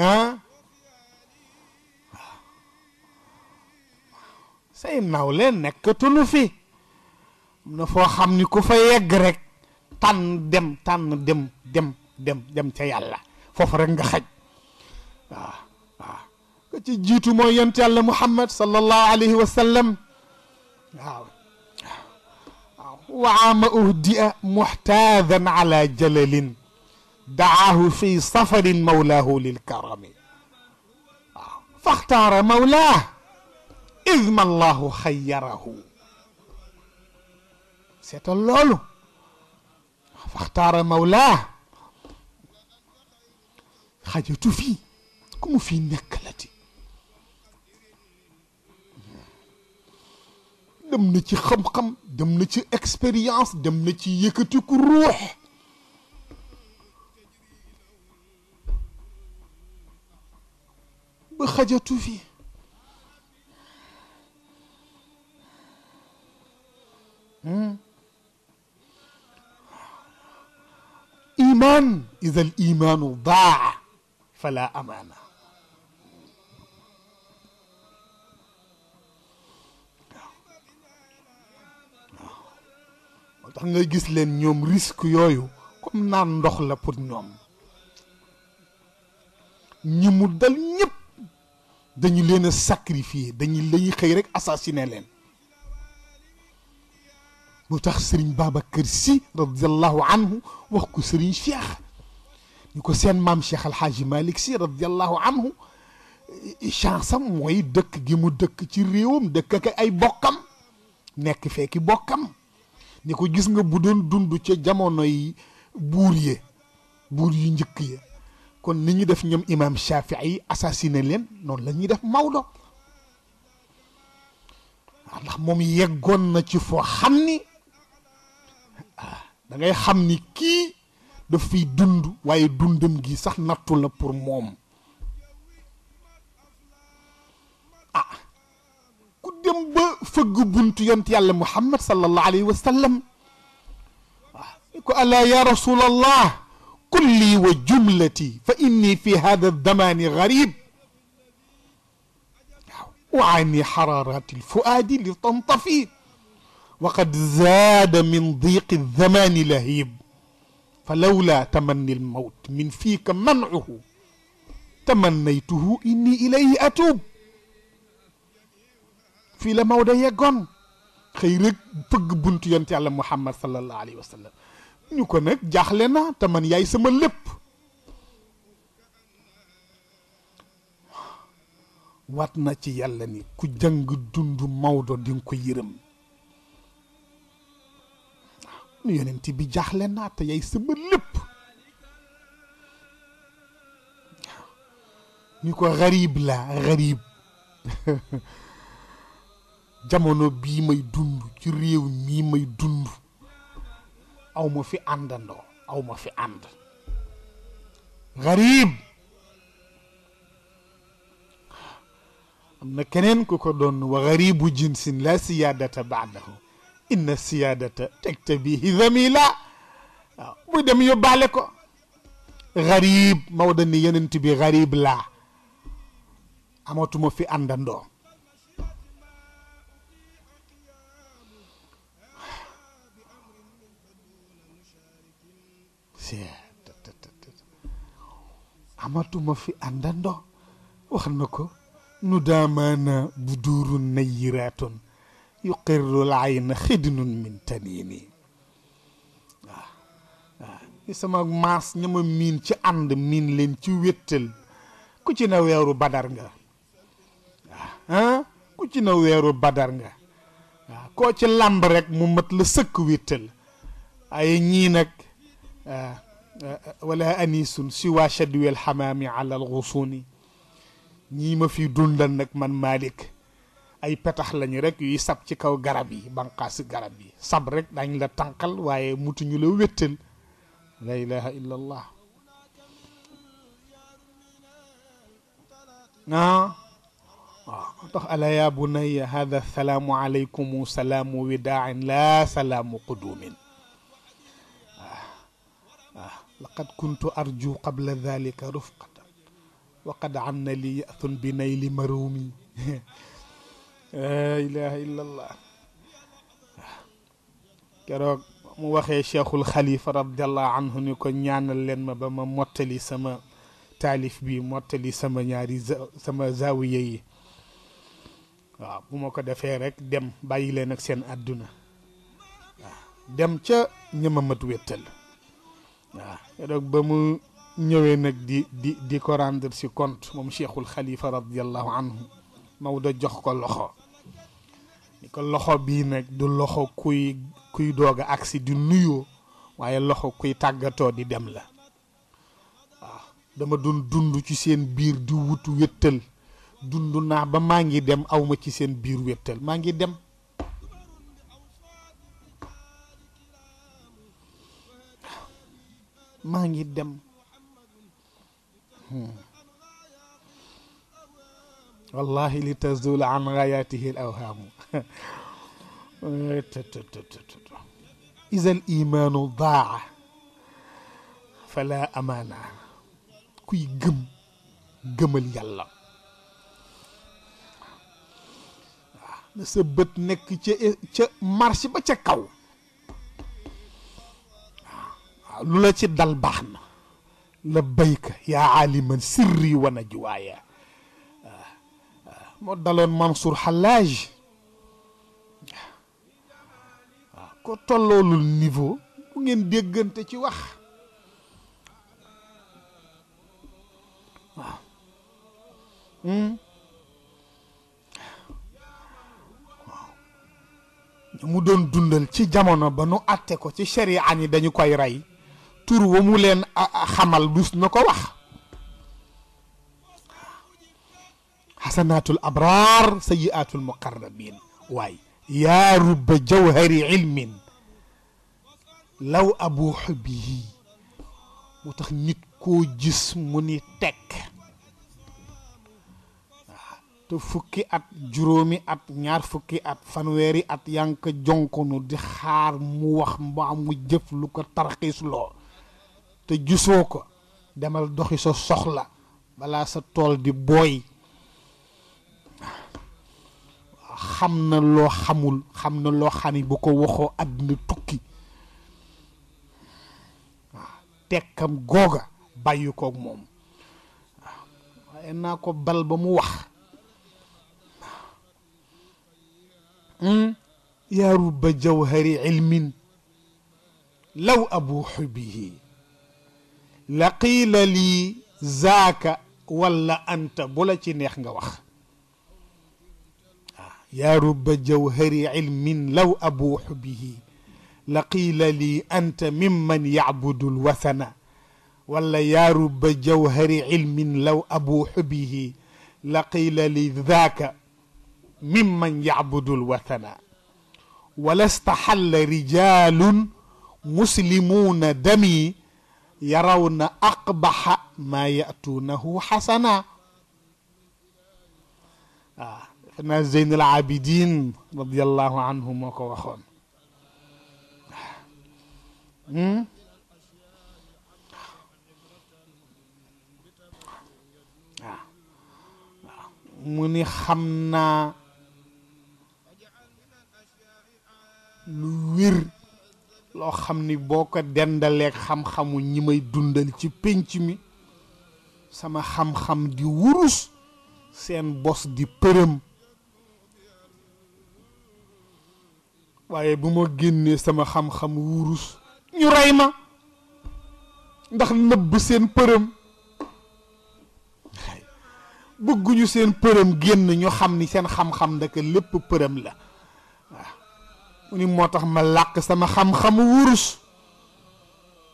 ah say nawle nekkatunu fi am na foo xam ni ku fa yegg rek tànn dem tànn dem dem dem dem ca yàlla foofu rek nga xaj waaw waaw ka ci jiitu mooy yent yàlla muhammad sallallahu alayhi wa sallam وعام أهدئ محتاذا على جلل دعاه في سفر مولاه للكرم فاختار مولاه إذ ما الله خيره seetal فاختار مولاه خجت فيه كم في نكلتي dem na ci xam-xam dem na ci expérience dem na ci yëkkatiku ruux ba xajatu fi iman ida al imanu daa fala amana tax nga gis leen ñoom risque yooyu comme naan ndox la pour ñoom ñi mu dal ñëpp dañu leen a sacrifier dañu lañuy xëy rek assassiné leen mu tax sëriñ Babacar si radiallahu anhu wax ko sëriñ Cheikh ñu ko seen maam Cheikh Alxaaji malik si radiallahu anhu chance am mooy dëkk gi mu dëkk ci réewam dëkk ak ay bokkam nekk fekki bokkam ni ko gis nga bu doon dund ca jamono yi buur ye buur yu njëkk ya kon ni ñu def ñoom imam Shafii assassiné leen noonu la ñuy def Maodo ndax moom yeggoon na ci foo xam ni ah, da ngay xam ni kii daf fiy dund waaye dundam gi sax nattu la pour moom ah dem ba feug buntu yont yàlla muhammad sallallahu alayhi wa sallam ko ala ya rasul allah kulli wa jumlati fa inni fi hadha hada damani garib وعني حرارات الفؤاد لتنطفي وقد زاد من ضيق الزمان لهيب فلولا تمني الموت من فيك منعه تمنيته إني إليه أتوب fii la Maodo yeggoon xëy rek fëgg buntu yonent yàlla muhammad sallallahu alayhi wa sallam ñu ko nag jaaxle na te man yaay sama lépp wat na ci yàlla ni ku jàng dund Maodo di nga ko yërëm waaw yonent bi jaaxle naa te yaay sama lépp waaw ñu ko xarib la xarib jamono bii may dund ci réew mii may dund aw ma fi àndandoo aw ma fi ànd garib am na keneen ku ko doon wa garibu jinsin la siyaadata baadahu inna siyaadata tegtabihi zamila waaw muy dem yóbbaale ko garib Maodo ni yenent bi garib laa amatuma fi àndandoo amatuma fi àndandoo wax na ko nu daamaana bu duuru nayiraatun yuqirru laayna xidnun min tanini waaw ah, ah. waaw ni sama maas ñama miin ci ànd miin leen ci wéttal ku ci na weeru badar nga waaw ah, ku ci na weeru badar nga waaw koo ci làmb rek mu mat la sëkk wéttal waaye ñii nag آه، آه، آه، ولا أنيس سوى شدو الحمام على الغصون ني ما في دوندال نك من مالك اي بتاخ لا ني رك يي ساب سي كاو غرابي بانقاس غرابي ساب رك داني لا تانكال وايي موتو ني لا ويتل لا اله الا الله نا تخ الا يا بني هذا السلام عليكم سلام وداع لا سلام قدوم لقد كنت أرجو قبل ذلك رفقة وقد عن لي يأث بنيل مرومي لا إله إلا الله keroog mu waxee cheikhul xalifa radiallahu anhu ni ko ñaanal leen ma ba ma mottali sama taalif bi mottali sama ñaari sama zawiya yi waaw bu ma ko defee rek dem bàyyi leen ak seen àdduna waaw dem ca ñëmamat wéttal waaw donc ba mu ñëwee nag di di di ko rendre si compte moom cheikhul xalifa radiallahu anhu Maodo jox ko loxo ni ko loxo bii nag du loxo kuy kuy doog a agsi di nuyoo waaye loxo kuy tàggatoo di dem la waaw dama doon dund ci seen biir di wut wéttal dund naa ba maa ngi dem awma ci seen biir wéttal maa ngi dem ماغي دم والله لتزول عن غاياته الاوهام اذا الايمان ضاع فلا امانه كوي غم غمل اليلا نسبت نك تي مارشي با waaw lu la ci dal baax na la bayka yaa aaliman sirri wa najwaaya moo daloon Mansour Xallaaj waaw ko tolloolul niveau bu ngeen déggante ci wax waaw hmm? waaw mu doon dundal ci jamono ba nu àtte ko ci sharia yi dañu koy rey tur wa mu leen xamal dus na ko wax xasanaatul abraar sayiaatul muqarrabin waay yaa rubba jawhari ilmin law abu xubbihi mu tax nit ko jis mu ni tekk te fukki at juróomi at ñaar fukki at fanweeri at yaa ngi ko di xaar mu wax mbaa mu jëf lu ko tarxiis loo te jusoko ko demal doxi sa soxla balaa sa tool di booy xam na loo xamul xam na loo xam bu ko waxoo àdduna tukki tekkam googa bàyyi koog moom naa ko bal ba mu wax yaa rubba jawhari ilmin لو abuuxu bihi لقيل لي ذاك ولا أنت بولا تي نيخ آه، يا رب جوهر علم لو أبوح به لقيل لي أنت ممن يعبد الوثن ولا يا رب جوهر علم لو أبوح به لقيل لي ذاك ممن يعبد الوثن ولا استحل رجال مسلمون دمي يرون أقبح ما يأتونه حسنا آه. زين العابدين رضي الله عنهم وكوخون آه. مني خمنا لوير loo xam ni boo ko dendaleeg xam-xamu ñi may dundal ci pénc mi sama xam-xam di wurus seen bos di përëm waaye bu ma génnee sama xam-xam wurus ñu rey ma ndax nëbb seen përëm bëgguñu seen përëm génn ñu xam ni seen xam-xam ndaka lépp përëm la ni moo tax ma làq sama xam-xamu wurus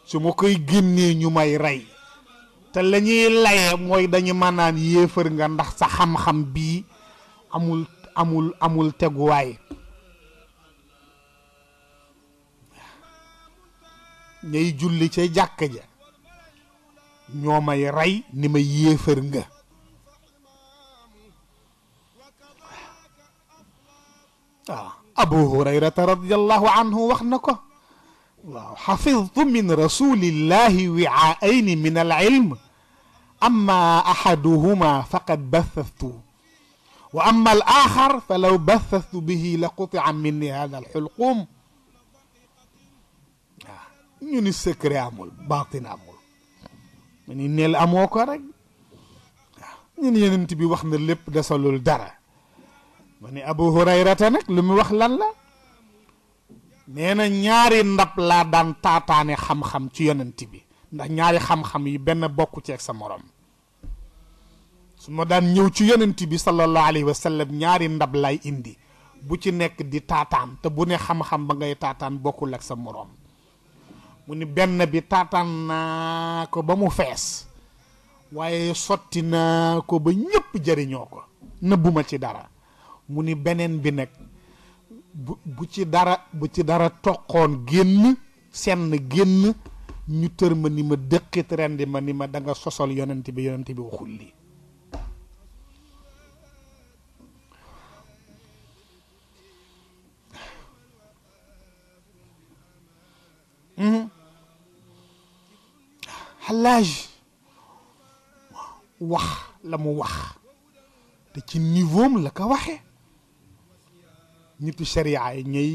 su ma koy génnee ñu may rey te la laye mooy dañu maanaan yéefar nga ndax sa xam-xam bii amul amul amul teguwaay ñay julli ca jàkk ja ñoo may rey ni ma yéefar nga waaw أبو هريرة رضي الله عنه وخنك حفظت من رسول الله وعاءين من العلم أما أحدهما فقد بثثت وأما الآخر فلو بثثت به لقطع مني هذا الحلقوم آه، نيون السكري أمول باطن أمول من إني الأموكرك آه، نيون ينتبي وخن اللب دسلول داره mu ni abu hurayrata nag lu mu wax lan la nee na ñaari ndab laa daan taataane xam-xam ci yonent bi ndax ñaari xam-xam yi benn bokku ci sa moroom su ma daan ñëw ci yonent bi sallallahu alayhi wa sallam ñaari ndab lay indi bu ci nekk di taataan te bu ne xam-xam ba ngay taataan bokkul ak sa moroom mu ni benn bi taataan naa ko ba mu fees waaye sotti naa ko ba ñëpp jëriñoo ko nëbbuma ci dara mu ni beneen bi nag bu bu ci dara bu ci dara toqoon génn senn génn ñu tër ma ni ma dëqit rendi ma ni ma da nga sosal yonent bi yonent bi waxul lii xalaaj hmm? wax la mu wax te ci niveau am la ko waxe nitu sharia yi ñuy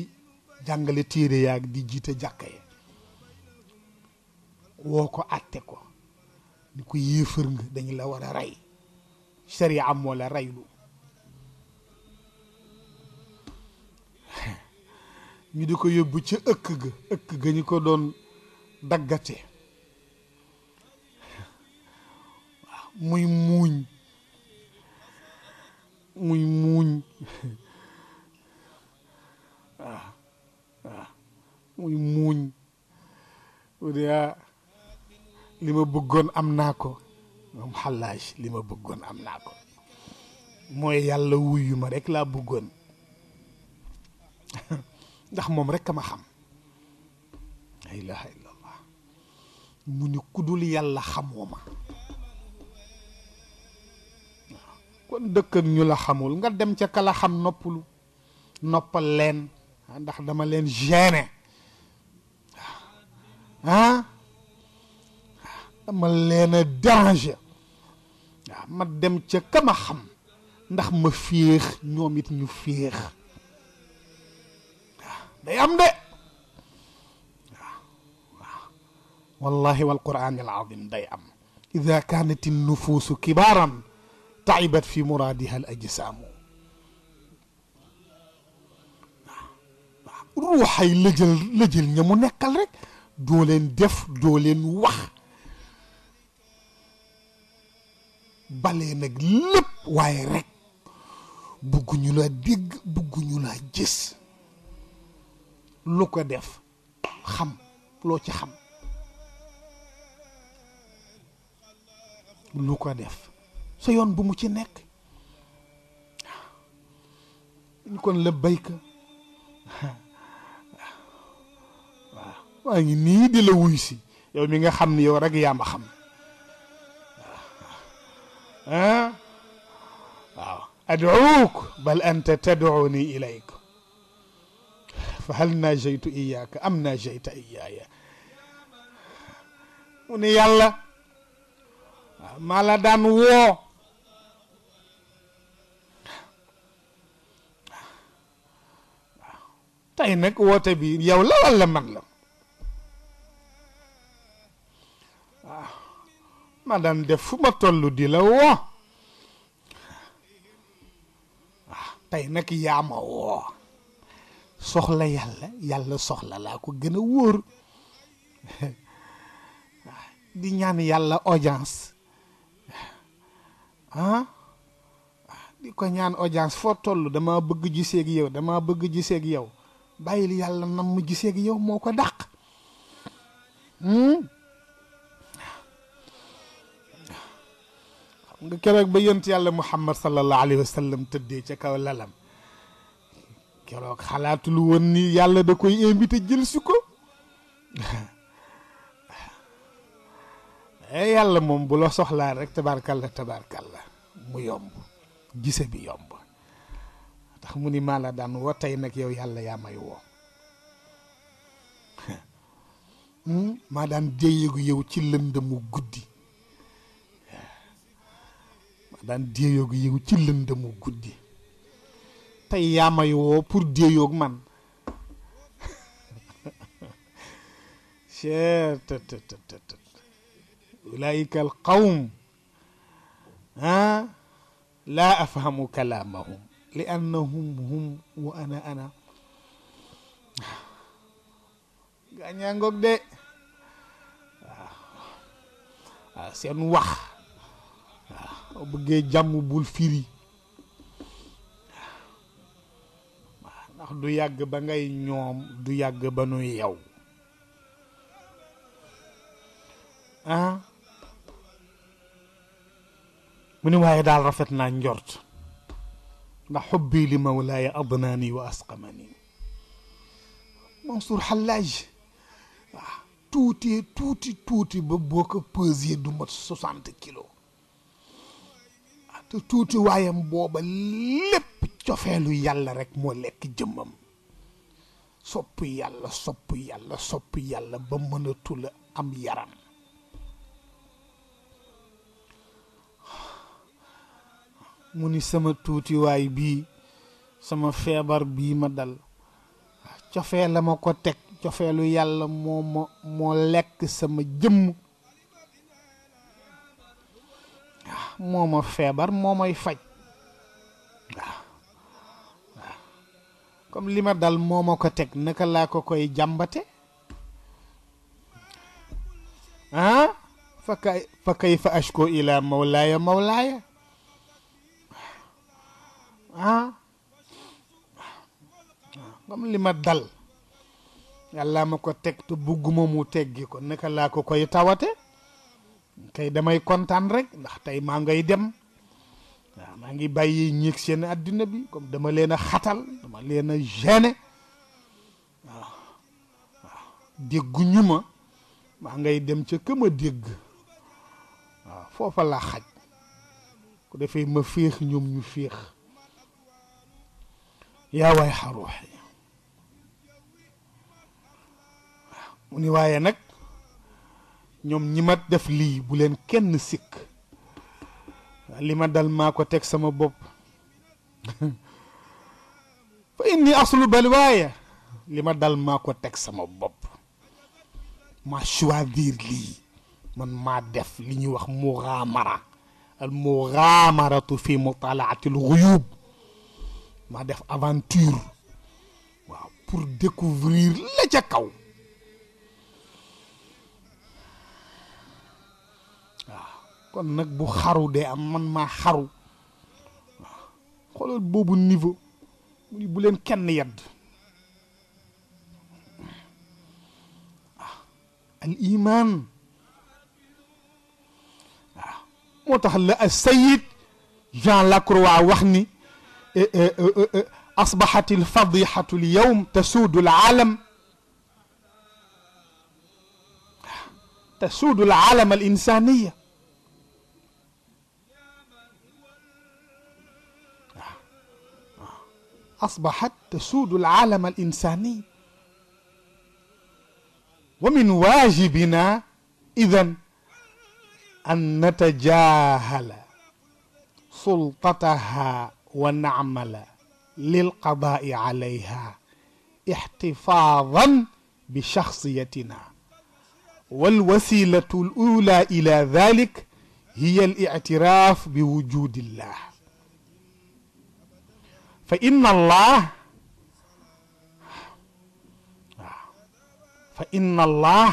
jàngale téere yaag di jiite jàkka ya woo ko àtte ko ni ko yéefër nga dañu la war a rey sharia moo la reylu ñu di ko yóbbu ca ëkk ga ëkk ga ñu ko doon daggate muy muuñ muy muuñ muy muuñ mu ah, li ma bëggoon am naa ko moom xallaaj li ma bëggoon am naa ko mooy yàlla wuyu ma rekk laa bëggoon ndax moom rekk a ma xam la ilaha illallah mu ni kudul yàlla xamoo ma kon dëkk ñu la xamul nga dem ca kala xam noppalu noppal leen ah, ndax dama leen gêner ها dama leen a déranger waaw ma dem ca kama xam ndax ma féex ñoom it ñu féex waaw day am de waaw waaw wallahi wal qur'an al azim day am ida kanat an nufusu kibaran ta'ibat fi muradiha al ajsam waaw waaw ruuxay lëjël lëjël ña mu nekkal rek doo leen def doo leen wax balee nag lépp waaye rekk bugguñu laa dégg bugguñu laa gis lu ko def xam loo ci xam lu ko def sa yoon bu mu ci nekk kon la bayka واني ني دي لا ويسي يا ها ادعوك بل انت تدعوني اليك فهل ناجيت اياك ام ناجيت اياي مالا دان و تاي نك بي ياو لا ولا من ma daan def fu ma toll di la woo waaw ah, nag yaa ma woo soxla yàlla yàlla soxla laa ko gën a wóor di ñaan yàlla audience ah di ko ñaan audience foo toll dama bëgg gisee ak dama bëgg gisee ak yow bàyyil yàlla nam mu gisee ak moo ko dàq hmm? keroog ba yent yàlla muhammad sallallahu alayhi wa sallam tëddee ca kaw lalam keroog xalaatul woon ni yàlla da koy invité jël si ko ay eh, yàlla moom bu la soxlaa rek tabaarkalla tabaarkalla mu yomb gise bi yomb tax mu ni maa la daan woo tey nag yow yàlla yaa may woo hmm? maa daan jéyegu yow ci lëndëmu guddi daan déeyoogu yëngu ci lëndëmu guddi tey yaa may woo pour déeyoog man cher të të të të ulaayika al qawm ah laa afhamu kalaamahum li annahum hum wa ana ana gaañaa ngoog de waaw waaw seen wax waaw bëggee jàmm bul firi waaw ndax du yàgg ba ngay ñoom du yàgg ba nu yaw ah mu ni waaye daal rafet naa njort ndax xubbi li mawlaaya adnaani wa asqamani Mansour Xallaaj waaw tuuti tuuti ba boo ko pesé du mat soixante te tuutiwaayam booba lépp cofeelu yàlla rekk moo lekk jëmmam sopp yàlla sopp yàlla sopp yàlla ba mënatula am yaram mu ni sama tuutiwaay bii sama feebar bii ma dal cofee ma ko teg cofeelu yàlla moo ma moo lekk sama jëmm moo ma feebar moo may faj waaw waaw comme li ma dal moo ma ko teg naka laa ko koy jàmbate ah fa kay fa kay fa mawlaaya mawlaaya comme li ma dal yàlla ma ko teg te bugguma mu teggi ko naka laa ko koy tawate tey damay kontaan rek ndax tey maa ngay dem waaw maa ngi bàyyi ñiig seen àddina bi comme dama leen a xatal dama leen a gêné waaw waaw dégguñu ma maa ngay dem ca këm a dégg waaw foofa laa xaj ku defee ma féex ñoom ñu féex yaa waay xaruux yi waaw mu ni waaye nag ñoom ñi ma def lii bu leen kenn sikk li ma dal maa ko teg sama bopp fa inni aslu bal waaye li ma dal maa ko teg sama bopp maa choisir lii man maa def li ñuy wax muxaamara al muxaamaratu fi mutalaati al xuyub maa def aventure waaw pour découvrir la ca kaw kon nag bu xaru dee am man maa xaru waaw xoolal boobu niveau mu ni bu leen kenn yedd al iman waaw moo tax la a sayid Jean Lacroix wax ni أصبحت الفضيحة اليوم تسود العالم تسود العالم الإنسانية أصبحت تسود العالم الإنساني ومن واجبنا إذا أن نتجاهل سلطتها ونعمل للقضاء عليها احتفاظا بشخصيتنا والوسيلة الأولى إلى ذلك هي الاعتراف بوجود الله فإن الله فإن الله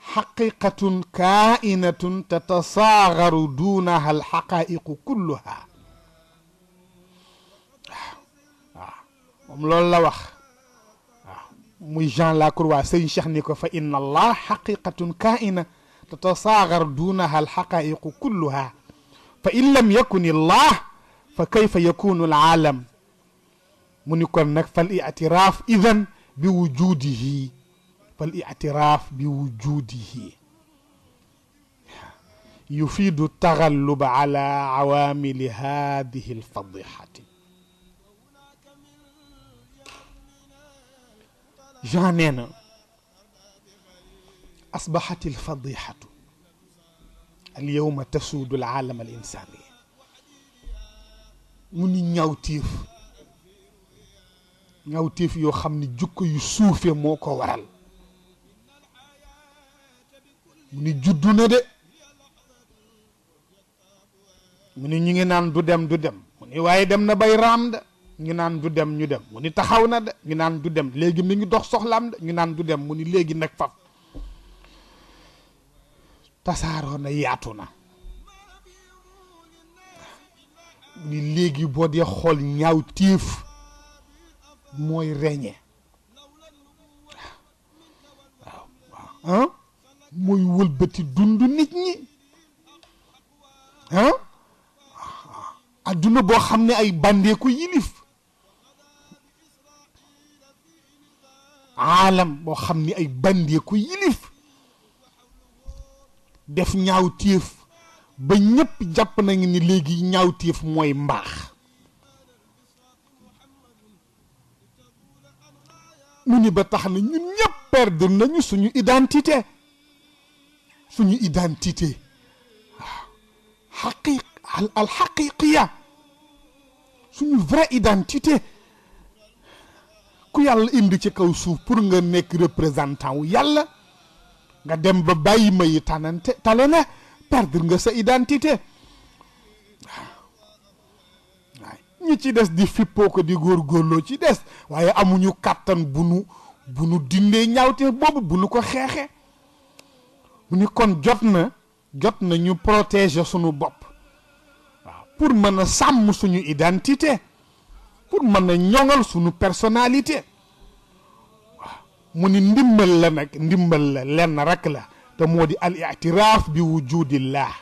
حقيقة كائنة تتصاغر دونها الحقائق كلها لول لا كروا سي شيخ فان الله حقيقه كائنه تتصاغر دونها الحقائق كلها فان لم يكن الله فكيف يكون العالم mu ni kon فالاعتراف بوجوده itiraaf idan يفيد التغلب على عوامل هذه الفضيحة جانينا أصبحت الفضيحة اليوم تسود العالم الإنساني من نيوتيف ñaawteef yoo xam ne jukk yu suufe moo ko waral mu ni juddu na de mu ni ñu ngi naan du dem du dem mu ni waaye dem na bay raam da ñu naan du dem ñu dem mu ni taxaw na de ñu naan du dem léegi mi ngi dox soxlaam de ñu naan du dem mu ni léegi nag faf tasaaroo na yaatu na mu ni léegi boo dee xool ñaawteef mooy régner waaw waaw ah mooy wëlbati dundu nit ñi ah boo xam ne ay bandee ko yilif aalam boo xam ne ay bandee yilif def ñaaw téef ba ñépp jàpp nañu ni léegi ñaaw mooy mbaax mu ni ba tax na ñun ñëpp perdre nañu suñu identité suñu identité waaw xaqiq al xaqiqiya suñu vraie identité ku yàlla indi ci kaw suuf pour nga nekk représentant wu yàlla nga dem ba bàyyi ma yi tale na perdre nga sa identité ñi ci dess di fippo ko di gorlo ci dess waye amuñu katan buñu buñu dindé nu dindee ñaawte boobu bu ko xexé mu kon jotna jotna ñu protéger sunu bop waaw pour sam sam suñu identité pour sunu ñongal suñu personnalité mu ni ndimbal la nak ndimbal la lenn rak la te modi di al i'tiraf bi wujudillah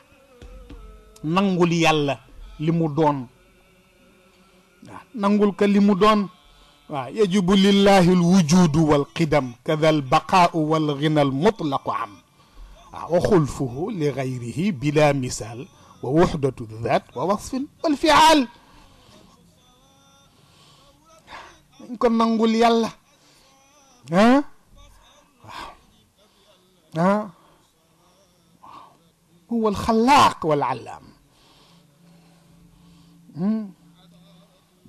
nangul yalla limu don نقول كلمة دون يجب لله الوجود والقدم كذا البقاء والغنى المطلق عام وخلفه لغيره بلا مثال ووحدة الذات ووصف والفعال نكون نقول يلا ها ها هو الخلاق والعلام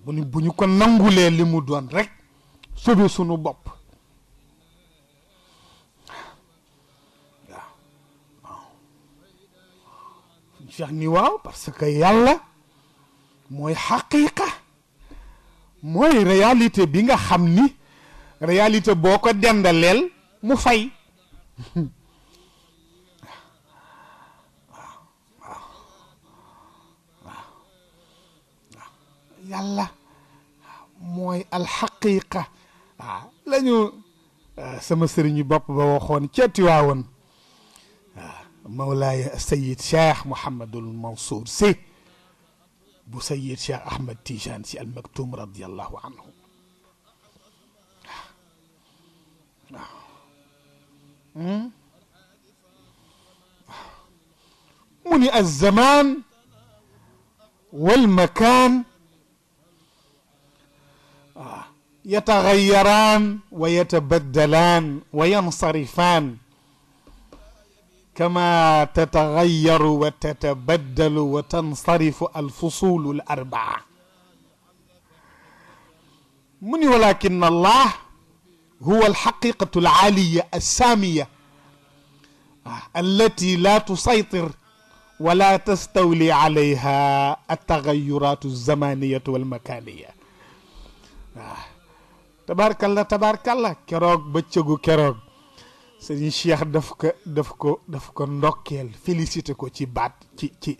mu ni bu ñu ko nangulee li mu doon rekk sobe suñu bopp waaw waaw Cheikh waaw parce que yàlla mooy xaqiqa mooy réalité bi nga xam ni réalité boo ko dendaleel mu fay waaw waaw waaw waaw yàlla mooy alxaqiqa waaw la ñu sama sëriñu bopp ba waxoon ca Tiwaawan waaw Mawlaaya Sayid Cheikh Mouhamadul Mansour si bu Sayid Cheikh Ahmed Tijane si al maktum radiallahu anhu waaw waaw mu ni alzamaan walmakaan يتغيران ويتبدلان وينصرفان كما تتغير وتتبدل وتنصرف الفصول الأربعة من ولكن الله هو الحقيقة العالية السامية التي لا تسيطر ولا تستولي عليها التغيرات الزمانية والمكانية آه. تبارك الله تبارك الله كروك بتشوغو كروك سيدي الشيخ دفك دفك دفك نوكيل فيليسيتكو تي بات تي تي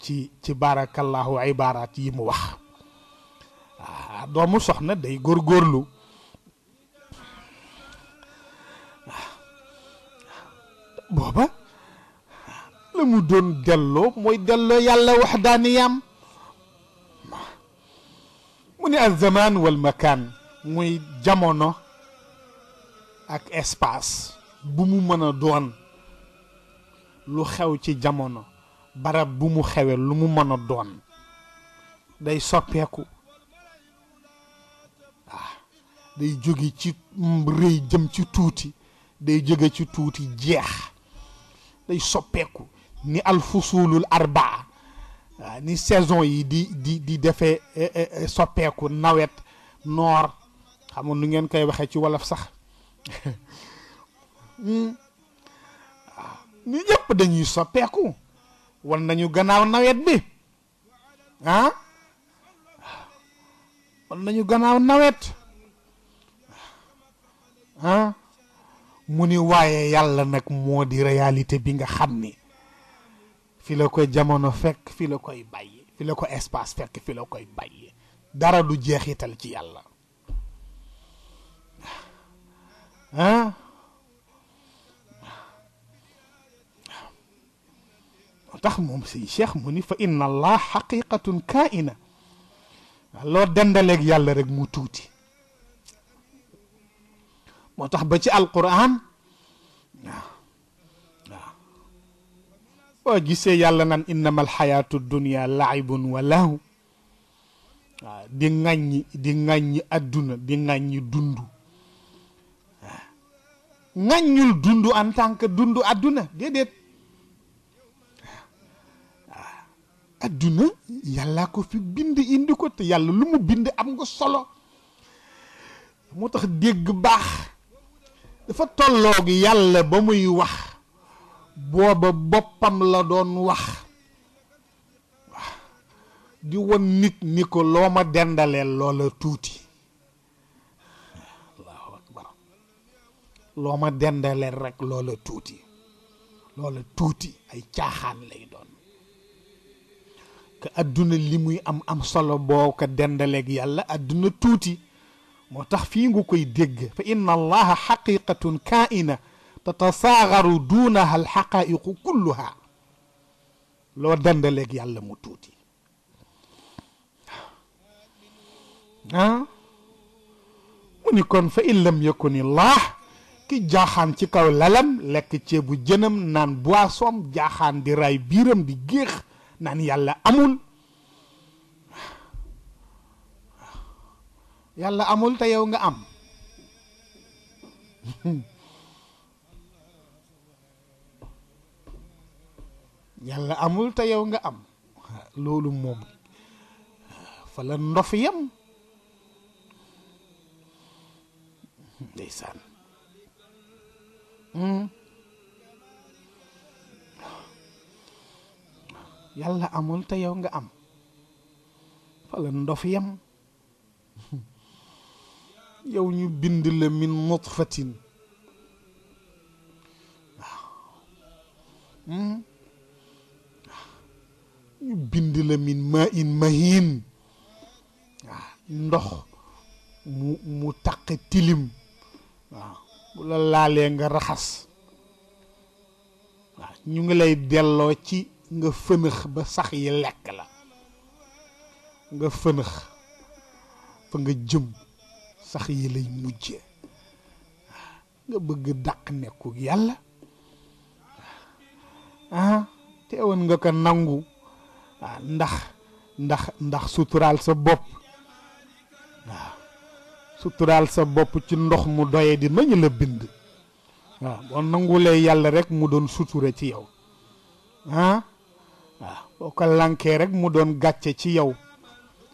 تي تي بارك الله عبارات يم واخ دومو سخنا غور غورلو بابا لمو دون دلو موي دلو يالا وحدانيام من الزمان والمكان muy jamono ak espace bu mu mën a doon lu xew ci jamono barab bu mu xewee lu mu mën a doon day soppeeku ah day jóge ci rëy jëm ci tuuti day jóge ci tuuti jeex day soppeeku ni alfusulul arbaa ah, ni saison yi di di di defee eh, eh, eh, soppeeku nawet noor xamul nu ngeen koy waxe ci wolof sax ñu ñëpp dañuy soppeeku wan nañu gannaaw nawet bi ah wan nañu gannaaw nawet ah muni ni waaye yàlla nag moo di réalité bi nga xam ni fi la koy jamono fekk fi la koy bàyyi fi la ko espace fekk fi la koy bàyyi dara du jeexital ci yàlla Hah? tax moom si cheikh mu fa inna allah xaqiqatun kaina loo dendaleeg yàlla rek mu tuuti moo ba ci alquran Wah waaw boo gisee yàlla dunia laibun wa lahu waaw di ŋàññi di dundu ŋàññul dund en tant que dund adduna déedéet ah, adduna yàllaa ko fi bind indi ko te yàlla lu mu bind am nga solo moo tax dégg baax dafa tolloog yàlla ba muy wax booba boppam la doon wax di won nit ni ko loo ma dendaleel loola tuuti loma ma rek loola tuuti loola tuuti ay caaxaan lay doon ka àdduna li muy am am solo boo ko dendaleeg yàlla àdduna tuuti moo tax fii nga koy dégg fa inna allaha xaqiqatun kaa'ina tatasaagaru duunaha alxaqaa'iqu kulluha loo dendaleeg yàlla mu tuuti ah mu ni kon fa in lam yakun illah tekki jaaxaan ci kaw lalam lekk ceebu jënam naan boisson jaaxaan di ray biiram di géex naan yàlla amul yàlla amul te yow nga am yow nga am loolu moom fa la ndof Hmm. yàlla amul te yow nga am fa la ndof yam yow ñu bind min nutfatin hmm. ñu bind min maa in ndox mu mu taq tilim bu la laalee nga raxas waaw ñu ngi lay delloo ci nga fënëx ba sax yi lekk la nga fënëx fa nga jëm sax yi lay mujje nga bëgg daq nekku yàlla ah nga ko nangu waaw ndax ndax suturaal sa bopp waaw sutural sa bop ci ndox mu doye di nañu la bind wa bo nangulé yàlla rek mu don suturé ci yow ha wa bo ko lanké rek mu don gatché ci yow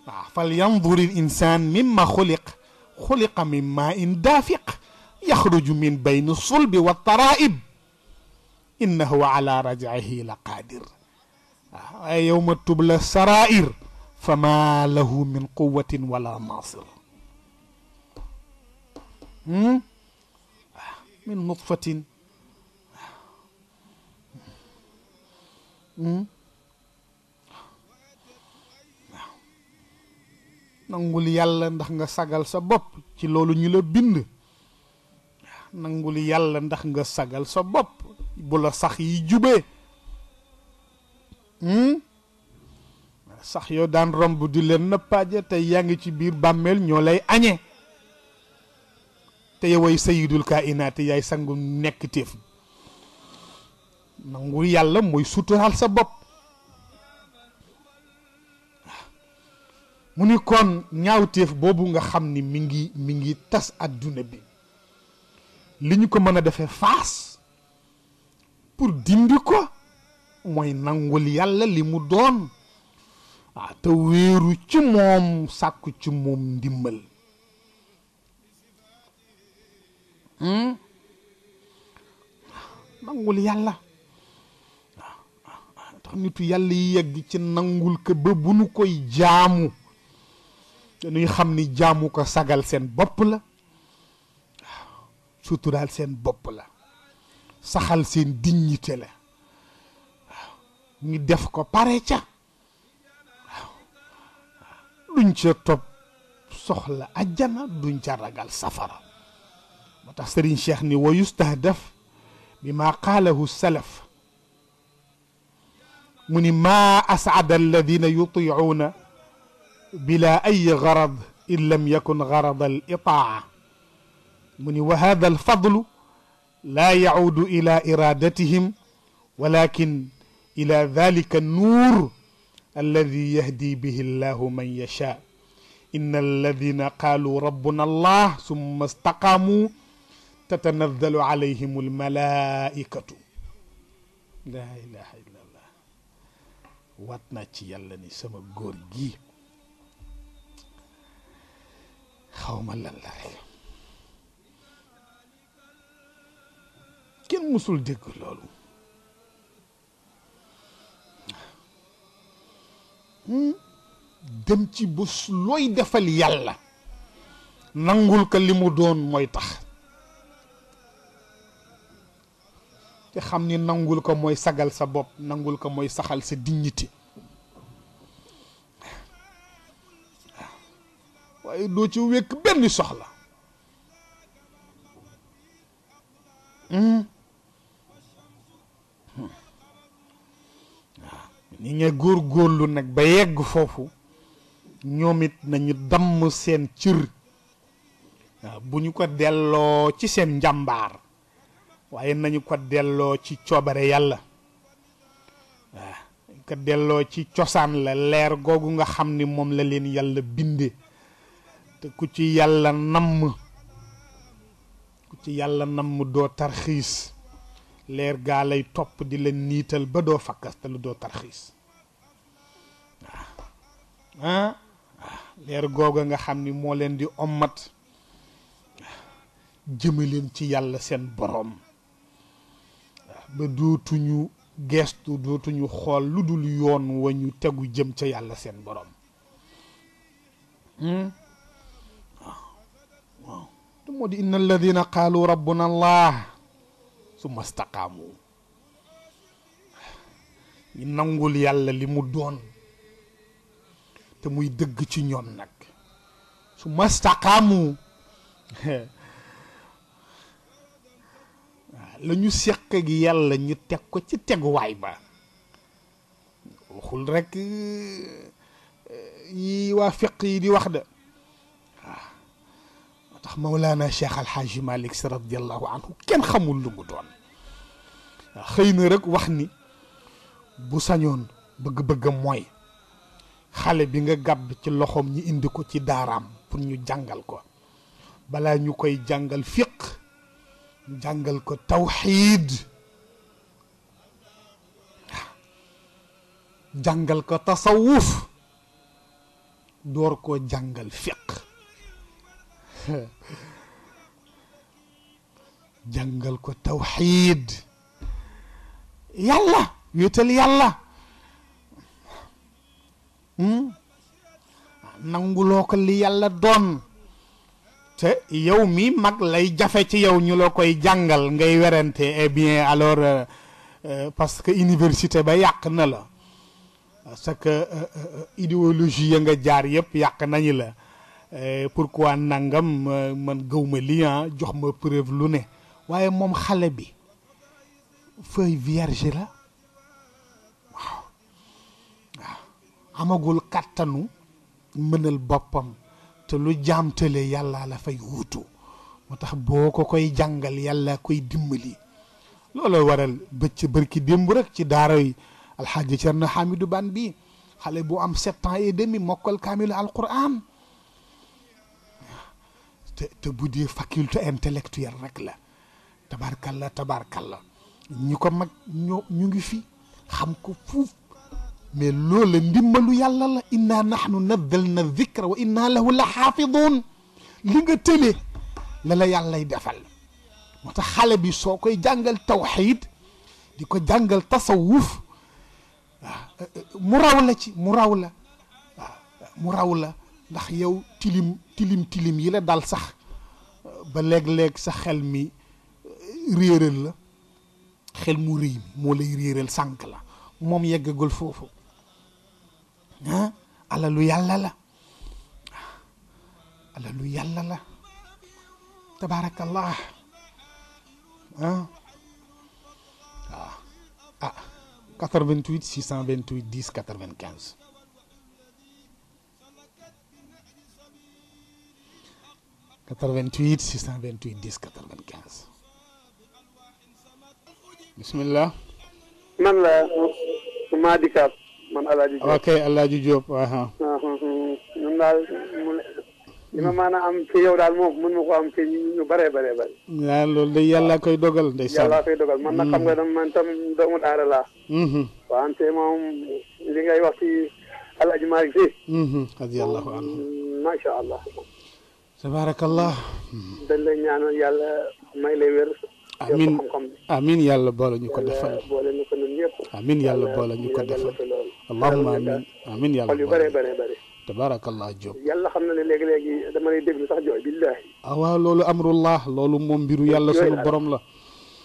wa fal yanzur al insan mimma khuliq xuliqa min maa in daafiq yaxruju min bayni sulbi wa taraib innahu ala يوم la السرائر فما له من قوة ولا ناصر waaw hmm? ah, min nutfatin hmm? nangul yàlla ndax nga sagal sa bopp ci loolu ñu la bind nangul yàlla ndax nga sagal sa bopp bu la sax yi jubee hmm? sax yoo daan romb di leen nëppaaje tey yaa ngi ci biir bàmmeel ñoo lay añee te ay sayyidul kainat yaay sangu nek tef nangul yalla moy sutural sa bop muni kon kon tef bobu nga xamni mingi mi tas aduna bi li ko Pur defé defee pour dindi ko moy nangul yalla limu dimel. doon ah, te wëru ci mom sakku ci mom dimbal nangul yàlla waaw tax nitu yàlla yi yegg ci nangul ko ba bu nu koy jaamu dañuy xam ni jaamu ko sagal seen bopp la waaw suturaal seen bopp la saxal seen dignité la ñu def ko pare ca waaw duñ ca topp soxla ajjana duñ ca ragal safara motax serigne cheikh ni wa yustahdaf bima qalahu salaf muni ma as'ada alladhina yuti'una bila ay gharad in lam yakun gharad al itaa muni wa hadha al fadlu لا يعود إلى إرادتهم ولكن إلى ذلك النور الذي يهدي به الله من يشاء إن الذين قالوا ربنا الله ثم استقاموا تتنزل عليهم الملائكة لا إله إلا الله واتنا تي يلني سما غورغي خاوما لا كين مسل ديك لولو hmm dem ci bus looy defal yàlla nangul ka li te xamni nangul ko moy sagal sa bop nangul ko moy saxal sa dignité way do ci wékk benn soxla hmm? Hmm. ni nga gor góorlu nak ba yegg fofu ñomit nañu dam sen ciir buñu ko dello ci sen jambar waaye nañu ko delloo ci coobare yàlla waaw ko delloo ci cosaan la leer googu nga xam ni moom la leen yàlla binde te ku ci yàlla namm ku ci yàlla namm doo tarxiis leer gaa di la niital ba doo fakkastalu ah, leer googa nga xam ni moo leen di ommat jëme leen ci yàlla seen boroom ba dootuñu gestu dootuñu xool lu dul yoon wa ñu tegu jëm ca yàlla seen boroom hmm? waaw te moo di inna alladina qaalu rabbuna allah summa staqaamu ñu nangul yàlla li mu doon te muy dëgg ci ñoom nag su staqaamu lañu ñu seq ak yàlla ñi teg ko ci teguwaay ba waxul rekk euh, yi waa fiq yi di wax de waaw moo tax Mawlaana Cheikh Alxaaji Malik Si radiallahu anhu kenn xamul lu doon xëy na rekk wax ni bu sañoon bëgg-bëggam mooy xale bi nga gàbb ci loxoom ñu indi ko ci daaraam pour ñu jàngal ko balaa ñu koy jàngal fiq jàngal ko tawxiid jàngal ko tasawuf door ko jàngal fiq jàngal ko tawxiid yàlla wéetal yàlla hmm? nanguloo ko li yàlla doon te yow mi mag lay jafe ci yow ñu la koy jàngal ngay werante eh bien alors euh, euh, parce que université ba yàq na la parce que euh, idéologie ya nga jaar yëpp yàq nañu la eh, pourquoi nangam man gëw ma lii ah, jox ma preuve lu ne waaye moom xale bi feuille vierge la waaw waaw amagul kàttanu mënal boppam te lu jaamtale yàlla la fay wuutu moo tax boo ko koy jàngal yàlla koy dimbali looloo waral bëcc bërki démb rek ci daara yi alxaaji Cerno Hamidou Ban bi xale bu am sept ans et demi mokkal kaamilu alquran te te bu dee faculté intellectuelle rek la tabarkalla tabarkalla ñi ko mag ñoo ñu ngi fi xam ko fuuf mais loola ndimbalu yàlla la inna nahnu nazzalna zikra wa inna lahu la xaafidoon li nga tële la la yàllay defal moo tax xale bi soo koy jàngal tawxiid di ko jàngal tasawuf mu raw la ci mu raw la mu raw la ndax yow tilim tilim tilim yi la dal sax ba léeg-léeg sa xel mi réeral la xel mu rëy mi moo lay réeral sànq la moom yeggagul foofu ah alalu yàlla la alalu yàlla la tabaarakallah ah waaw ah 88 628 10 95 88 628 10 95 bismillah man la man Alaaji Diop ok Alaaji Diop aha ñun daal mu ne li ma maanaam am ci yow daal moom mën ma ko am ci ñu bëree bëree bëri waaw loolu day yàlla koy dogal ndeysaan yàlla koy dogal man nag xam nga dam man tam doomu daara laa mhm. wante moom li ngay wax ci Alaaji Malick si mhm, radiyallahu ma macha allah tabaarakallah dañ lay ñaanal yàlla may lay amin amin yàlla boole ñu ko defal amin yàlla boole ñu ko defal allahumma amin amin yàlla boole tabaarakallah Diop yàlla xam na ne léegi-léegi dama lay déglu sax jooy billahi ah loolu amrullah loolu moom mbiru yàlla sunu borom la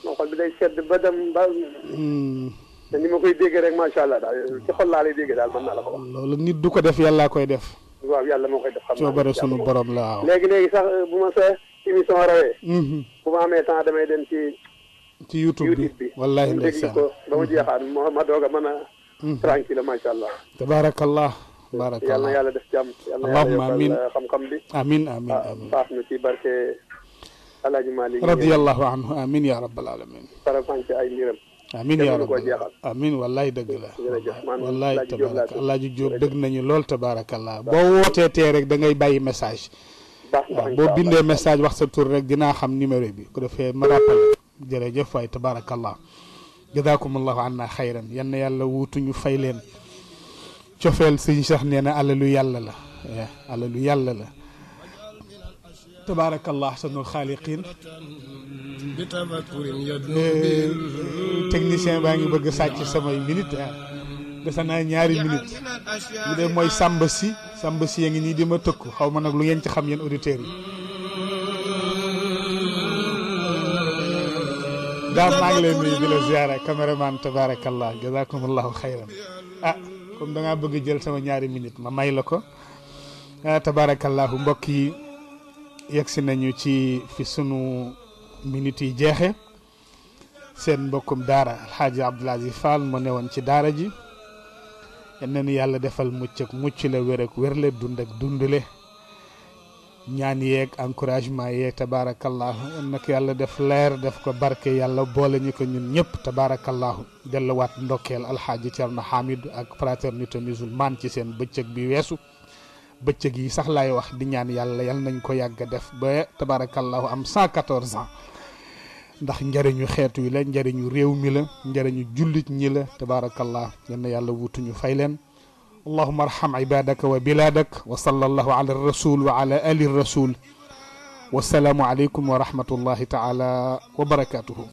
moo xol bi day sedd ba dem ba hmm. te ni ma koy déggee rek macha allah daal daal mën naa ko loolu nit du ko def yàllaa koy def waaw yàlla moo koy def xam coobare sunu borom la waaw léegi sax bu ma see ci émission rawee. Mhm. bu ma amee temps damay dem ci. ci YouTube bi wallaahi ndeysaan ko ba mu mhm. ma ma a mën a. Mhm. tranquille macha allah. tabaarakallah. tabaarakallah yal na yàlla def jàmm. allahumma amiin yal na yàlla yokkal xam-xam bi. amiin amiin ah, amiin baax na ci barke Alaaji Maalik. radiyallahu anhu amiin yaa rabbal aalamiin. faram-fàcce ay mbiram. amiin yaa rabbal amiin wallaay dëgg la wallaay tabaaraka alaaji Jóob dëgg nañu lool tabaarakallah boo wootee tee rek da ngay bàyyi message boo bindee message wax sa tur rek dinaa xam numéro bi ko defee ma rappelé jërëjëf waay tabaarakallah jazaakumullahu anna xayran yan na yàlla wuutuñu fay leen cofeel sëñ Cheikh nee na alalu yàlla la alalu yàlla la tabaarakallah ahsanul xaaliqiin technicien baa ngi bëgg sàcc samay minute dese nyari ñaari iya, minute li de mooy yang si si di ma tëkk xaw ma nag lu ngeen ci xam yéen auditeurs yi daam maa ngi lay nuyu di la ziara caméraman tabarakallah jazakumullahu xayran ah comme da ngaa bëgg jël sama ñaari minute ma may ah, tabarakallahu mbokk yi yegsi nañu ci fi sunu minute yi jeexe seen mbokkum daara alxaaji abdulaziz fall mo ci ji yal yàlla defal mucc ak mucc la wér ak wér dund ak dundule ñaan yeeg encouragement yeeg tabaarakallaahu yal na yàlla def leer def ko barke yàlla boole ñu ko ñun ñëpp tabaarakallaahu delluwaat ndokkeel alxaaji Cerno Hamidou ak fraternité musulmane ci seen bëccëg bi weesu bëccëg yi sax laay wax di ñaan yàlla yal nañ ko yàgg def ba tabaarakallaahu am 114 ans ndax njariñu xeetu yi la njariñu réew mi la njariñu jullit ñi la tabarakallah yenn yàlla wutu ñu fay leen ibadak wa اللهم ارحم عبادك وبلادك وصلى الله على الرسول وعلى آل الرسول والسلام wa rahmatullahi taala wa وبركاته